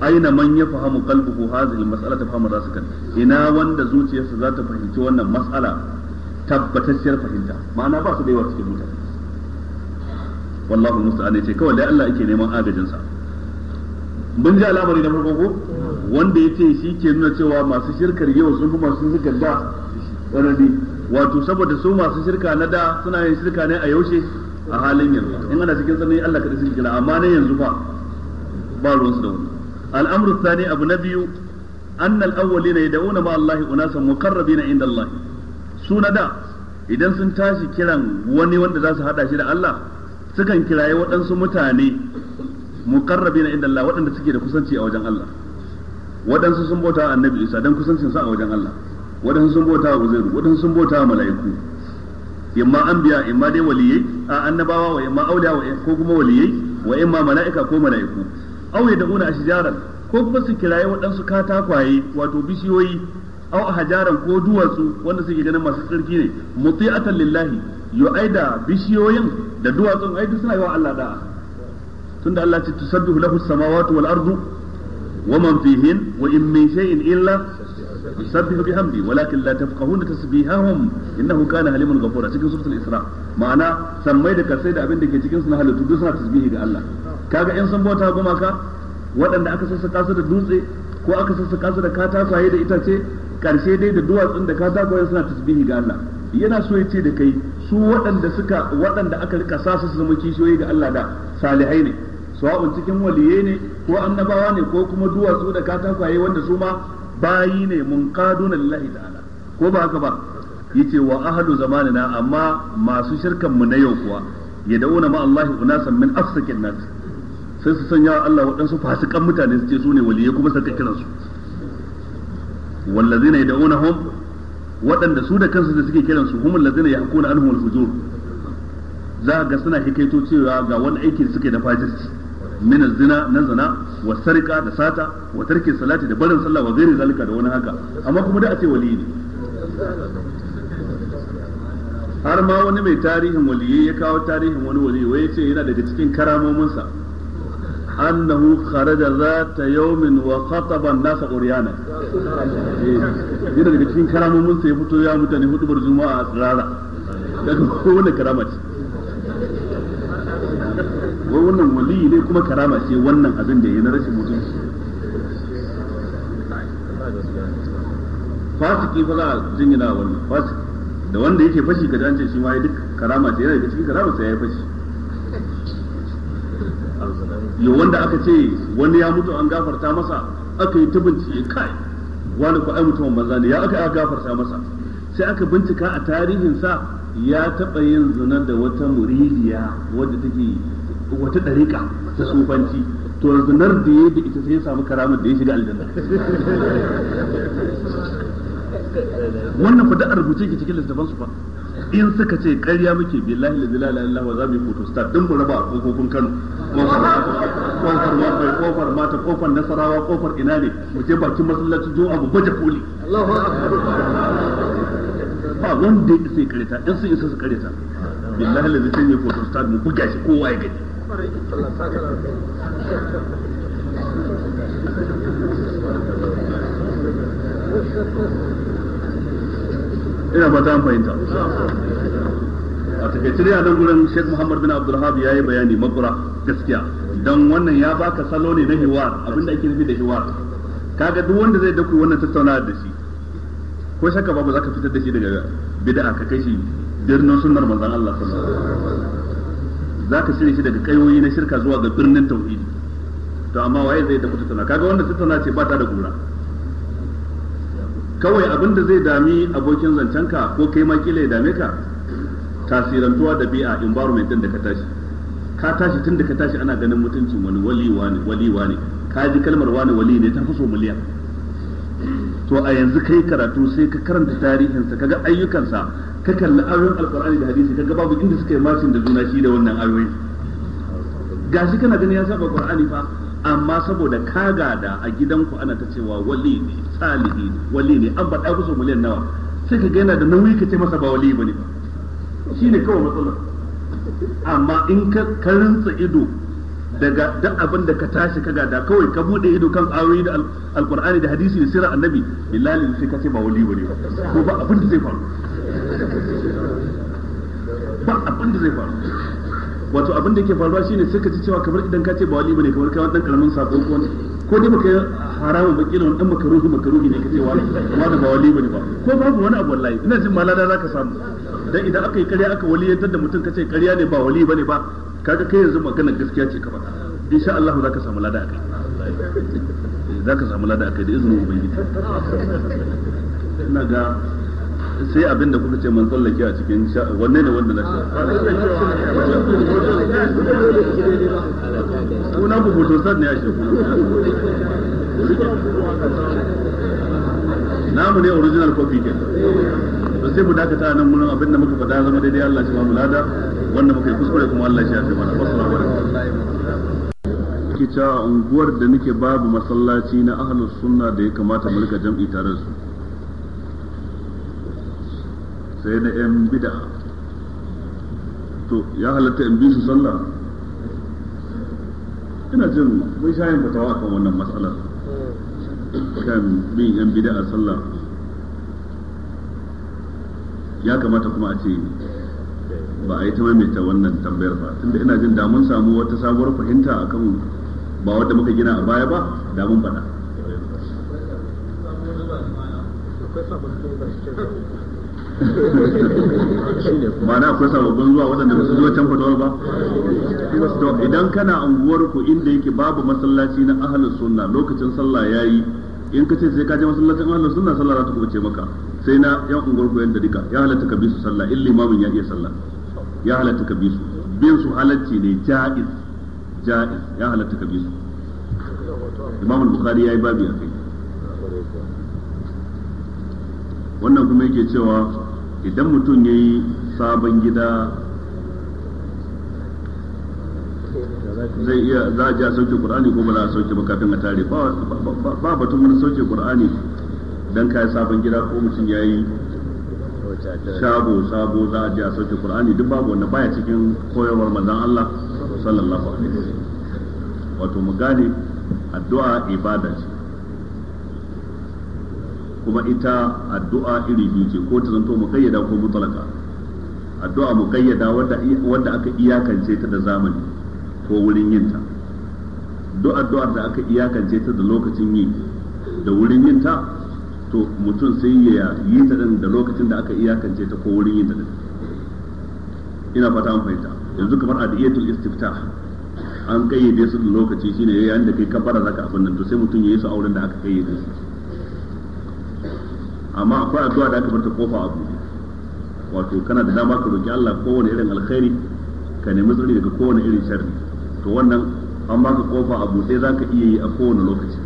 aina man ya yafhamu qalbuhu hadhihi mas'alata fahman raska ina wanda zuciyarsa za ta fahimci wannan mas'ala tabbatacciyar fahimta ma'ana ba su da yawa cikin mutane wallahu ne ce kawai dai Allah yake neman agajin sa mun ji al'amari na farko ko wanda yace shi ke nuna cewa masu shirkar yau sun fi masu shirkar da tsanani wato saboda su masu shirka na da suna yin shirka ne a yaushe a halin yanzu in ana cikin tsanani Allah kadai sun kira amma na yanzu fa ba ruwan su da wani al'amru thani abu na biyu annal awwalina yad'una ma Allah unasan muqarrabina inda Allah su na da idan sun tashi kiran wani wanda za su hada shi da Allah sukan kiraye waɗansu mutane na inda Allah waɗanda suke da kusanci a wajen Allah waɗansu sun bauta wa annabi Isa dan kusancin sa a wajen Allah waɗansu sun bauta wa Uzairu waɗansu sun bauta wa mala'iku imma anbiya imma dai waliyai a annabawa wa imma auliya wa ko kuma waliyai wa imma mala'ika ko mala'iku aw yad'una ashjaran ko kuma su kiraye waɗansu katakwaye wato bishiyoyi aw hajaran ko duwatsu wanda suke ganin masu tsarki ne muti'atan lillahi yo aida bishiyoyin da duwatsun ai duk suna yi wa Allah da'a tunda Allah ce tusabbihu lahu samawati wal ardu wa man fihin wa in min shay'in illa yusabbihu bihamdi walakin la tafqahuna tasbihahum innahu kana halimun ghafura cikin suratul isra ma'ana sammai da kasai da abin da ke cikin suna na halittu duk suna tasbihi ga Allah kaga in san bauta gumaka waɗanda aka sassaka su da dutse ko aka sassaka su da katakwaye da itace karshe dai da duwatsun da katako suna tasbihi ga Allah yana so ya ce da kai su waɗanda suka waɗanda aka rika sa su zama kishiyoyi ga Allah da salihai ne sawa'un cikin waliyai ne ko annabawa ne ko kuma duwatsu da katakwaye wanda su ma bayi ne mun munqaduna lillahi ta'ala ko ba haka ba yace wa ahlu zamanina amma masu shirkan mu na yau kuwa ya yad'una ma Allah unasan min afsakin nas sai su sanya Allah waɗansu fasikan mutane su ce su ne waliyai kuma suka kiransu su wallazina yad'unahum waɗanda su da kansu da suke kiran su humul ladzina yaqulu anhum al-fujur za ga suna hikaito cewa ga wani aiki da suke da fajirci min zina na zina wa sarika da sata wa tarki salati da barin sallah wa ghairi zalika da wani haka amma kuma da wali ne har ma wani mai tarihin waliyai ya kawo tarihin wani wali wai ya ce yana daga cikin karamominsa أنه خرج ذات yawmin wa الناس an-nas uryana yana daga cikin karamomin sai fito ya mutane hudubar juma'a tsirara daga kowane wannan waliyi ne kuma karama ce wannan abin da ya na rashin mutunci fasiki fa za a jingina wani fasiki da wanda yake fashi ga an shi ma ya duk karama ce yana daga cikin karama sai ya yi fashi ya wanda aka ce wani ya mutu an gafarta masa aka yi ta bincike kai wani ko ai mutum banza ne ya aka ya gafarta masa sai aka bincika a tarihin sa ya taba yin zina da wata muridiya wadda take wata dariƙa ta sufanci to zinar da ya da ita sai ya samu karamar da ya shiga aljanna wannan fa da rubuce ki cikin littafin su fa in suka ce ƙarya muke billahi la ilaha illallah za mu yi photo star din mu raba a kofofin Kano kofar Mafai kofar Mata kofar Nasarawa kofar ina ne mu je bakin masallaci jo abu baje koli Allahu akbar ba wanda ya sai kareta in sun isa su kareta billahi la zai ne foto star mu buga shi kowa ya gani Thank you. ina ba ta fahimta a takaice dai a nan gurin Sheikh Muhammad bin Abdulrahman yayi bayani makura gaskiya dan wannan ya baka salo ne na hiwar abinda ake nufi da hiwar kaga duk wanda zai dauki wannan tattaunawa da shi ko shakka babu zaka fitar da shi daga bid'a ka kai shi birnin sunnar manzon Allah sallallahu alaihi wasallam zaka shirye shi daga kayoyi na shirka zuwa ga birnin tauhidi to amma waye zai dauki tattaunawa kaga wannan tattaunawa ce ba ta da gura kawai abin da zai dami abokin zancenka ko kai ma kila ya dame ka tasirantuwa da bi'a environment din da ka tashi ka tashi tun da ka tashi ana ganin mutuncin wani wali wani wali wani ka ji kalmar wani wali ne ta faso miliya to a yanzu kai karatu sai ka karanta tarihinsa kaga ayyukansa ka kalli ayoyin alqur'ani da hadisi kaga babu inda suka yi masin da juna shi da wannan ayoyi gashi kana ganin ya saba qur'ani fa amma saboda ka gada a gidanku ana ta cewa wali ne salihi ne wali ne an ɗaya kusa miliyan nawa sai ka gaina da nauyi ka ce masa ba wali ne ba ne kawai matsala. amma in ka karinsa ido daga da abin da ka tashi ka gada kawai ka bude ido kan ayoyi da alqur'ani da hadisi da sirar annabi billahi sai ka ce ba wali bane ba ko ba abin da zai faru ba abin da zai faru wato abin da ke faruwa shine sai ka ci cewa kamar idan ka ce ba wali bane kamar kai wannan karamin sako ko ko dai baka haramun ba kila wani dan makaruhi makaruhi ne ka ce wani wani ba wali bane ba ko babu wani abu wallahi ina jin malada ka samu dan idan aka yi ƙarya aka waliyantar da mutum ce ƙarya ne ba wali bane ba kaga kai yanzu magana gaskiya ce ka faɗa insha Allah ka samu lada akai eh, ka samu lada akai da izinin ubangiji ina ga sai abin da kuka ce man tsallake a cikin wanne ne wanda na shi sunan ku san ne a shi namu ne original copy ke to sai mu dakata nan mun abin da muka fada zama daidai Allah shi ma mu lada wanda muka yi kuskure kuma Allah shi ya tsama mana assalamu alaikum rikica unguwar da nake babu masallaci na ahlus sunna da ya kamata mu rika jam'i tare da su sai na yan bida to ya halatta in bi su sallah ina jin mun shayin batawa fatawa kan wannan matsalar kan bin yan bida a sallah ya kamata kuma a ce ba a yi ta maimaita wannan tambayar ba tunda ina jin damun samu wata sabuwar fahimta a akan ba wadda muka gina a baya ba damun faɗa ma'ana akwai sababbin zuwa waɗanda ba su zo can fatawar ba to idan kana anguwar ku inda yake babu masallaci na ahlus sunna lokacin sallah yayi in ka ce sai ka je masallacin ahlus sunna sallah za ta ce maka sai na yan unguwar ku yadda dika, ya halatta ka bi su sallah in limamin ya iya sallah ya halatta ka bi su bin su halacci ne ja'iz ja'iz ya halatta ka bi su imam al-bukhari yayi babu kai wannan kuma yake cewa idan mutum ya yi sabon gida zai iya za a ja sauke qur'ani ko ba za a sauke ba kafin a tare ba batun wani sauke qur'ani don kai sabon gida ko mutum ya yi shago sabo za a ja sauke qur'ani duk babu wanda baya cikin koyarwar manzon Allah sallallahu alaihi wasallam wato mu gane addu'a ibada ce kuma ita addu'a iri biyu ce ko ta zanto muqayyada ko mutalaka addu'a muqayyada wanda wanda aka iyakance ta da zamani ko wurin yin ta duk addu'ar da aka iyakance ta da lokacin yi da wurin yin ta to mutum sai ya yi ta din da lokacin da aka iyakance ta ko wurin yin ta din ina fata an fahimta yanzu kamar adiyatul istiftah an kayyade su da lokaci shine yayin da kai kabbara zaka abin nan to sai mutum ya yi su auren da aka kayyade su amma akwai addu'a da aka bar ta kofa a buɗe wato kana da dama ka roki Allah kowane irin alkhairi ka nemi tsari daga kowane irin sharri to wannan an baka kofa a buɗe zaka iya yi a kowane lokaci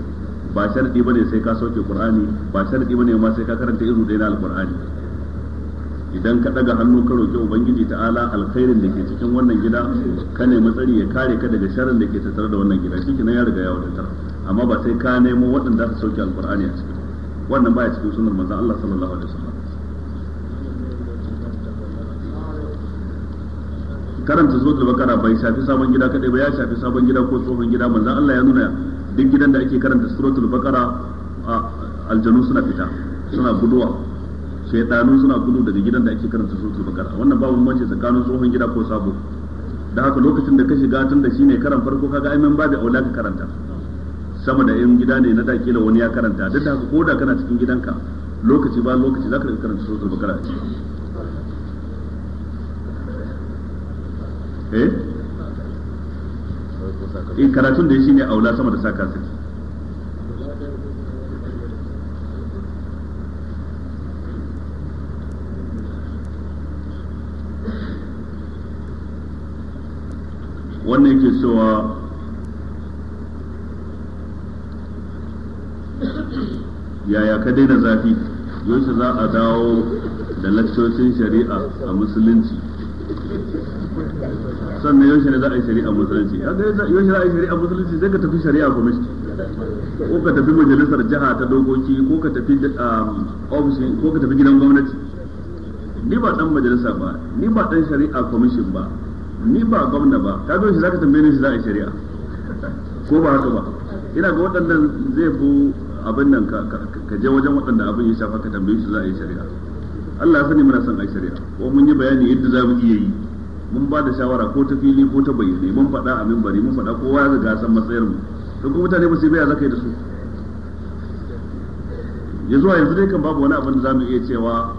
ba sharadi bane sai ka sauke Qur'ani ba sharadi bane ma sai ka karanta irin da na alqur'ani idan ka daga hannu ka roki ubangiji ta'ala alkhairin da ke cikin wannan gida ka nemi tsari ya kare ka daga sharrin da ke tattare da wannan gida shi ya riga ya wadatar amma ba sai ka nemo waɗanda su sauke alqur'ani a cikin wannan baya cikin sunan manzon Allah sallallahu alaihi wasallam karanta da bakara bai shafi sabon gida kadai ba ya shafi sabon gida ko tsohon gida manzon Allah ya nuna duk gidan da ake karanta suratul bakara aljanu suna fita suna guduwa shaytanu suna gudu daga gidan da ake karanta suratul bakara wannan babu mace tsakanin tsohon gida ko sabo da haka lokacin da ka shiga tun da shine karan farko kaga ai men babu aula ka karanta sama da yan gida ne na da wani ya karanta duk da haka ko da kana cikin gidanka lokaci ba lokaci za ka rika karanta suratul bakara eh in eh, karatun da shi ne aula sama da saka saki wannan yake cewa yaya ka daina zafi yaushe za a dawo da laccocin shari'a a musulunci sannan yaushe ne za a yi shari'a musulunci yaushe za a yi shari'a musulunci sai ka tafi shari'a kwamishin ko ka tafi majalisar jiha ta dokoki ko ka tafi um, ofishin ko ka tafi gidan gwamnati ni ba dan majalisa ba ni ba dan shari'a kwamishin ba ni ba gwamna ba ka zo shi zaka tambaye ni shi za a yi shari'a ko ba haka ba ina ga waɗannan zai bu abin nan ka je wajen waɗanda abin ya shafa ka tambaye su za a yi shari'a Allah ya sani muna son a yi shari'a ko mun yi bayani yadda za mu iya yi mun ba da shawara ko ta fili ko ta bayyane mun faɗa a mimbari mun faɗa kowa ya ga san matsayar mu to kuma mutane ba su baya zaka yi da su ya zuwa yanzu dai kan babu wani abin da za mu iya cewa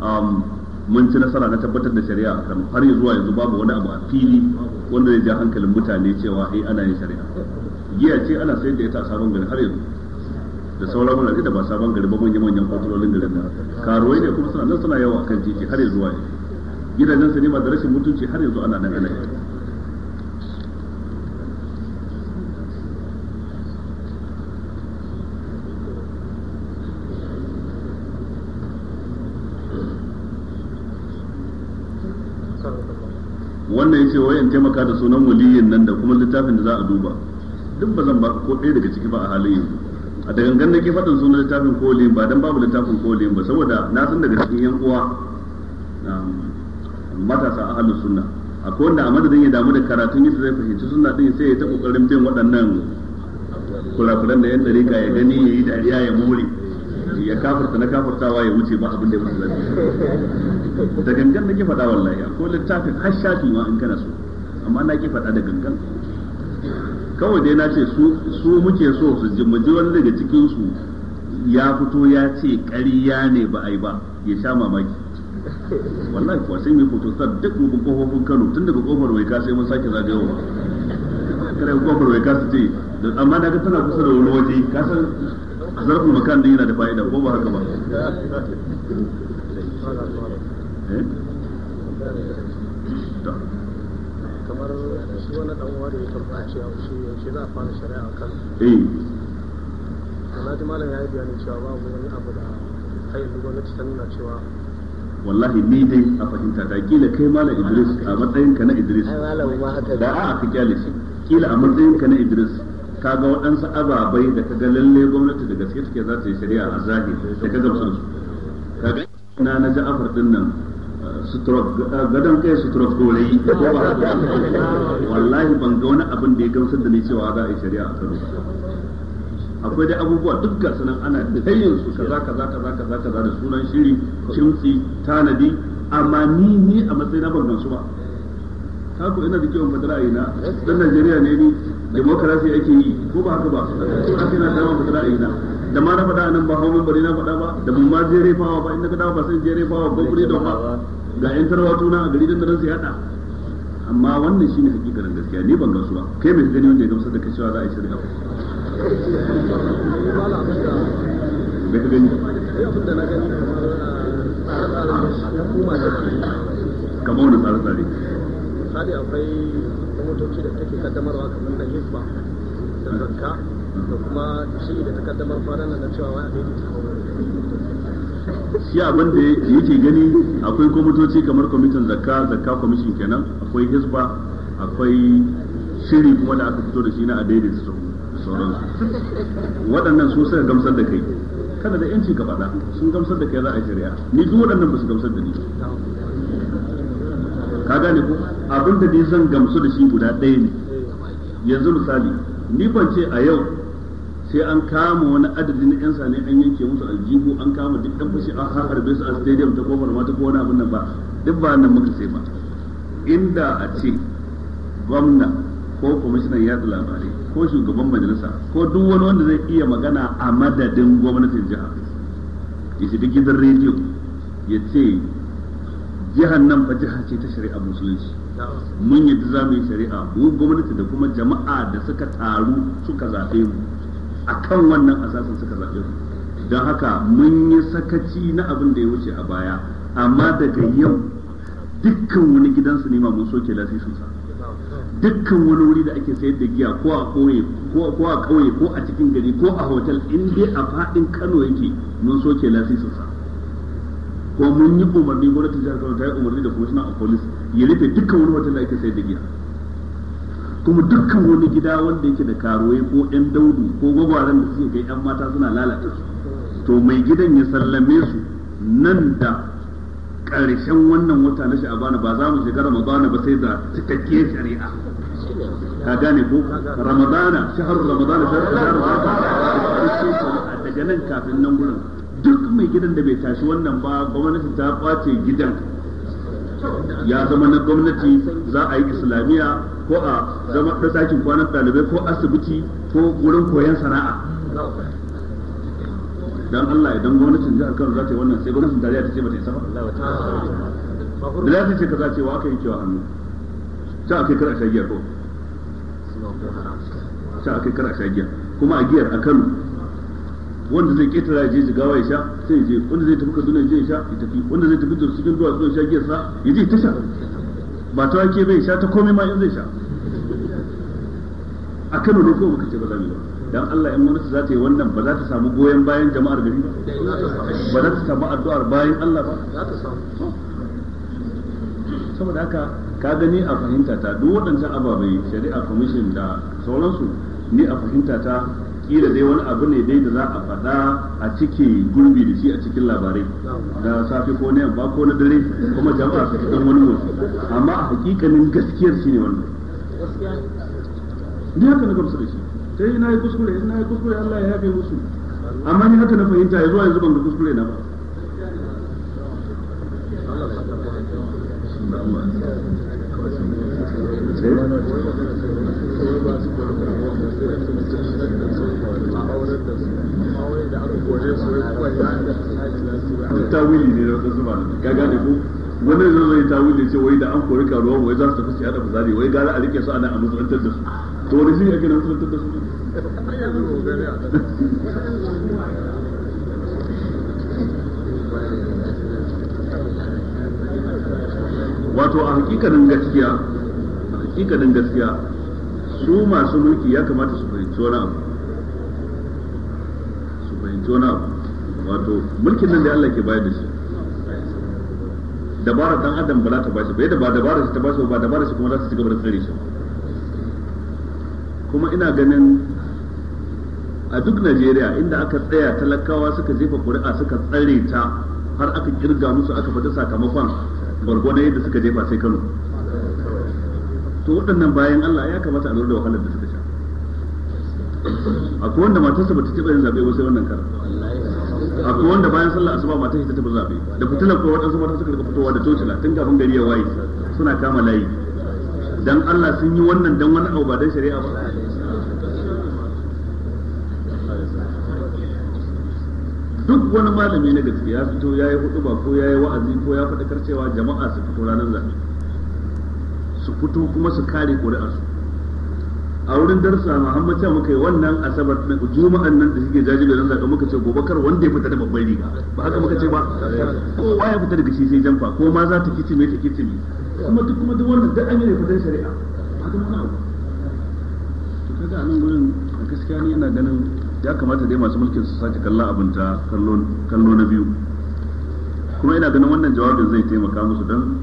um, mun ci nasara na tabbatar da shari'a a kan har yanzu zuwa yanzu babu wani abu a fili wanda zai ja hankalin mutane cewa eh ana yin shari'a giya ce ana sayar da ita a sabon gari har yanzu da sauran wurare da ba sabon gari ba manyan manyan kwatololin garin nan karuwai ne kuma suna nan suna yawa kan titi har yanzu waye gidajen su ne ba da rashin mutunci har yanzu ana nan ana wannan yace wayan taimaka da sunan waliyin nan da kuma littafin da za a duba duk ba zan ba ko ɗaya daga ciki ba a halin yanzu a da gangan da ke faɗin sunan littafin kolin ba dan babu littafin kolin ba saboda na san daga cikin yan uwa um, matasa a halin sunna akwai wanda a madadin ya damu da karatun yadda zai fahimci sunna din sai ya ta kokarin bin waɗannan kurakuran da yan ɗariƙa ya gani ya yi dariya ya more ya kafarta na kafartawa ya wuce ba abin da ya fi zafi da gangan da ke faɗa wallahi akwai littafin har shafi ma in kana so amma na ke faɗa da gangan kawai dai na ce su muke so su ji mu ji wani daga cikin su ya fito ya ce ƙarya ne ba a yi ba ya sha mamaki wallahi kuwa sai mai foto star duk mu kofofin Kano tun daga kofar mai kasa mun sake zagayowa kare kofar mai kasa ce amma na ga tana kusa da wani waje kasan zarfin makan din yana da fa'ida ko ba haka ba eh kamar shi wani dan uwa da ya a shi za a fara shari'a kan eh. na malam ya yi bayani cewa babu wani abu da gwamnati cewa wallahi ni dai a fahimta da kila kai malam Idris a matsayin ka na Idris da a ka kyale shi kila a matsayin ka na Idris ka ga waɗansu ababai da ka ga lalle gwamnati da gaske take za ta yi shari'a a zahiri da ka gamsu da su ka ga na na Ja'far din nan gadon kai sutura dorayi ko ba haka wallahi ban ga wani abin da ya gamsar da ni cewa za a yi shari'a a Kano akwai dai abubuwa dukkan sanan ana da yin su kaza kaza kaza kaza kaza da sunan shiri kimtsi tanadi amma ni ni a matsayin na ban su ba ta ko ina da kiwon fadara na dan Najeriya ne ni demokrasi yake yi ko ba haka ba haka na dama fadara na da ma na faɗa nan ba hau bari na faɗa ba da mun ma jere fawa ba inda ka dawo ba sai jere fawa ba kuri da ba ga yan tarwa tuna a gari dandaran su yada amma wannan shine hakikarin gaskiya ni ban gasu ba kai mai gani wanda ya gamsar da kashewa za a yi shirka ga ka gani kama wani tsare-tsare misali akwai motoci da take kaddamarwa kamar na hisba da zakka da kuma shi da ta kaddamar fara nan na cewa wai a ta. shi abin da yake gani akwai kwamitoci kamar kwamitin zakka zakka kwamishin kenan akwai hisba akwai shiri kuma da aka fito da shi na a daidaita su sauransu waɗannan su suka gamsar da kai kada da yanci ka faɗa sun gamsar da kai za a shari'a ni duk waɗannan ba su gamsar da ni ka gane ko abin da ni zan gamsu da shi guda ɗaya ne yanzu misali ni ban ce a yau sai an kama wani adadin yan sane an yanke musu aljihu an kama duk dan fashi an harbe su a stadium ta kofar mata ko wani abin nan ba duk ba nan muka sai ba inda a ce gwamna ko kwamishinan yada labarai ko shugaban majalisa ko duk wani wanda zai iya magana a madadin gwamnatin jiha ya duk gidan rediyo ya ce jihar nan fa jiha ce ta shari'a musulunci mun yadda za mu yi shari'a mu gwamnati da kuma jama'a da suka taru suka zaɓe mu a kan wannan asasin suka zaɓe su don haka mun yi sakaci na abin da ya wuce a baya amma daga yau dukkan wani gidan ma mun soke lasisinsa dukkan wani wuri da ake sayar da giya ko a ƙauye ko a ƙauye ko a cikin gari ko a hotel in dai a faɗin Kano yake mun soke lasisinsa ko mun yi umarni gwamnatin jihar Kano ta yi umarni da suna a polis ya rufe dukkan wani hotel da ake sayar da giya kuma dukkan wani gida wanda yake da karuwai ko yan daudu ko gwagwaran da suke kai yan mata suna lalata su to mai gidan ya sallame su nan da ƙarshen wannan wata na sha'abana ba za mu shiga ramadana ba sai da cikakkiyar shari'a ka gane ko ramadana shahar ramadana shahar ramadana daga nan kafin nan gurin duk mai gidan da bai tashi wannan ba gwamnati ta kwace gidan ya zama na gwamnati za a yi islamiyya ko a zama da ɗakin kwanan ɗalibai ko asibiti ko wurin koyon sana'a dan Allah idan gwamnatin jihar Kano za ta yi wannan sai gwamnatin tarayya ta ce ba ta isa ba da za ta ce kaza wa aka yi kewa hannu ta aka kar a sha giya ko ta aka kar a sha giya kuma a giyar a Kano wanda zai ketara ya je jigawa ya sha sai je wanda zai tafi Kaduna ya je ya sha ya tafi wanda zai tafi Jos cikin duwatsu ya sha giyar sa ya je ta sha ba ta wake bai sha ta komai ma in zai sha a Kano ne kuma muka ce ba za mu dan Allah in gwamnati za ta yi wannan ba za ta samu goyon bayan jama'ar gari ba za ta samu addu'ar bayan Allah ba za ta samu saboda haka ka gani a fahimta ta duk waɗancan ababai shari'a commission da sauransu ni a fahimta ta kila dai wani abu ne dai da za a faɗa a cike gurbi da shi a cikin labarai da safe ko na yamma ko na dare kuma jama'a su ɗan wani motsi amma a hakikanin gaskiyar shi ne wannan ni haka na gamsu da shi sai ina yi kuskure ina yi kuskure Allah ya yafe musu amma ni haka na fahimta ya zuwa yanzu ban ga kuskure na ba tawili ne da wata zuba gaga da ku wannan zai zai ta wuce ce wai da an kori karuwan wai za su tafi su yada wai gara a rike su ana a musulantar da su to wani shi ake na musulantar da su wato a hakikanin gaskiya a hakikanin gaskiya su masu mulki ya kamata su fahimci wani abu su fahimci wani abu wato mulkin nan da Allah ke bayar da shi dabarar dan adam ba za ta bashi ba yadda ba dabarar shi ta bashi ba dabarar shi kuma za su ci gaba da tsare shi kuma ina ganin a duk Najeriya inda aka tsaya talakawa suka jefa ƙuri'a suka tsare ta har aka kirga musu aka faɗi sakamakon gwargwadon yadda suka jefa sai Kano to waɗannan bayan Allah ya kamata a lura da wahalar da suka sha akwai wanda matarsa ta taɓa yin zaɓe ba sai wannan kara akwai wanda bayan sallar asuba mata shi ta tafi zabe da fitilar ko wadansu mata suka rika fitowa da tocila tun kafin gari ya waye suna kama layi dan Allah sun yi wannan dan wani abu ba dan shari'a ba duk wani malami na gaske ya fito ya yi ba ko ya yi wa'azi ko ya faɗi karcewa jama'a su fito ranar zaɓe su fito kuma su kare ƙuri'arsu a wurin darsa Muhammad ce muka yi wannan asabar na juma'an nan da suke jajiberin zaka muka ce gobe kar wanda ya fita da babban riga ba haka muka ce ba kowa ya fita daga shi sai jamfa ko ma za ta kitime ta kitime kuma duk kuma duk wanda duk an yi ne fitan shari'a ba ta mana to kaga anan gurin gaskiya ni yana ganin ya kamata dai masu mulkin su sake kalla abin ta kallo na biyu kuma ina ganin wannan jawabin zai taimaka musu dan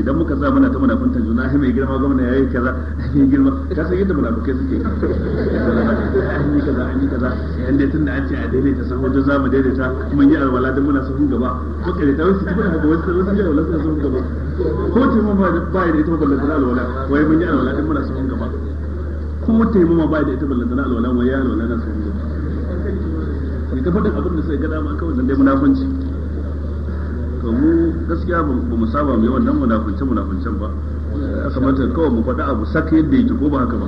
idan muka sa muna ta munafunta juna ai mai girma gwamna yi kaza mai girma ka san yadda munafukai suke an yi kaza an yi kaza yan dai tunda an ce a daidaita sahu da zamu daidaita mun yi alwala da muna sahun gaba ko kare ta wasu kuma haka wasu wasu yi alwala sahun gaba ko ce mun ba da ita ballan da alwala wai mun yi alwala da muna sahun gaba ko te mun ba da ita ballan da alwala wai ya alwala na sahun gaba ne ta faɗin abin da sai ga dama kawai dai munafunci to mu gaskiya ba mu saba mai wannan munafunce munafuncen ba ya kamata kawai mu faɗa abu saka yadda yake ko ba haka ba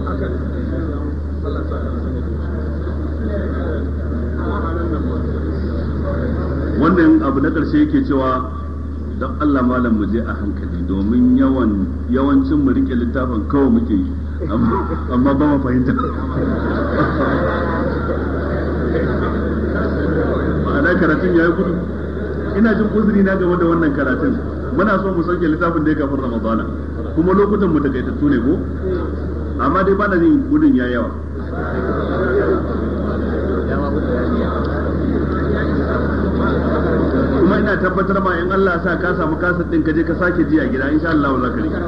wannan abu na ƙarshe yake cewa don Allah malam mu je a hankali domin yawan yawancin mu rike littafin kawai muke yi amma ba mu fahimta ba ma'ana karatun ya yi gudu ina jin uzuri na game da wannan karatun muna so mu sauke littafin da ya kafin ramadana kuma lokutan mu takaitattu ne ko amma dai ba na yin gudun ya yawa kuma ina tabbatar ma in Allah sa ka samu kasar din ka je ka sake ji a gida insha Allah za ka rike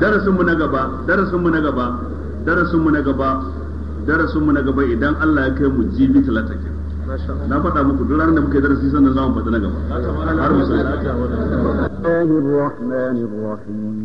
darasin mu na gaba darasin mu na gaba darasin mu na gaba darasin mu na gaba idan Allah ya kai mu jibi talata na faɗa muku duk ranar da muke darasi sannan za mu na gaba har musamman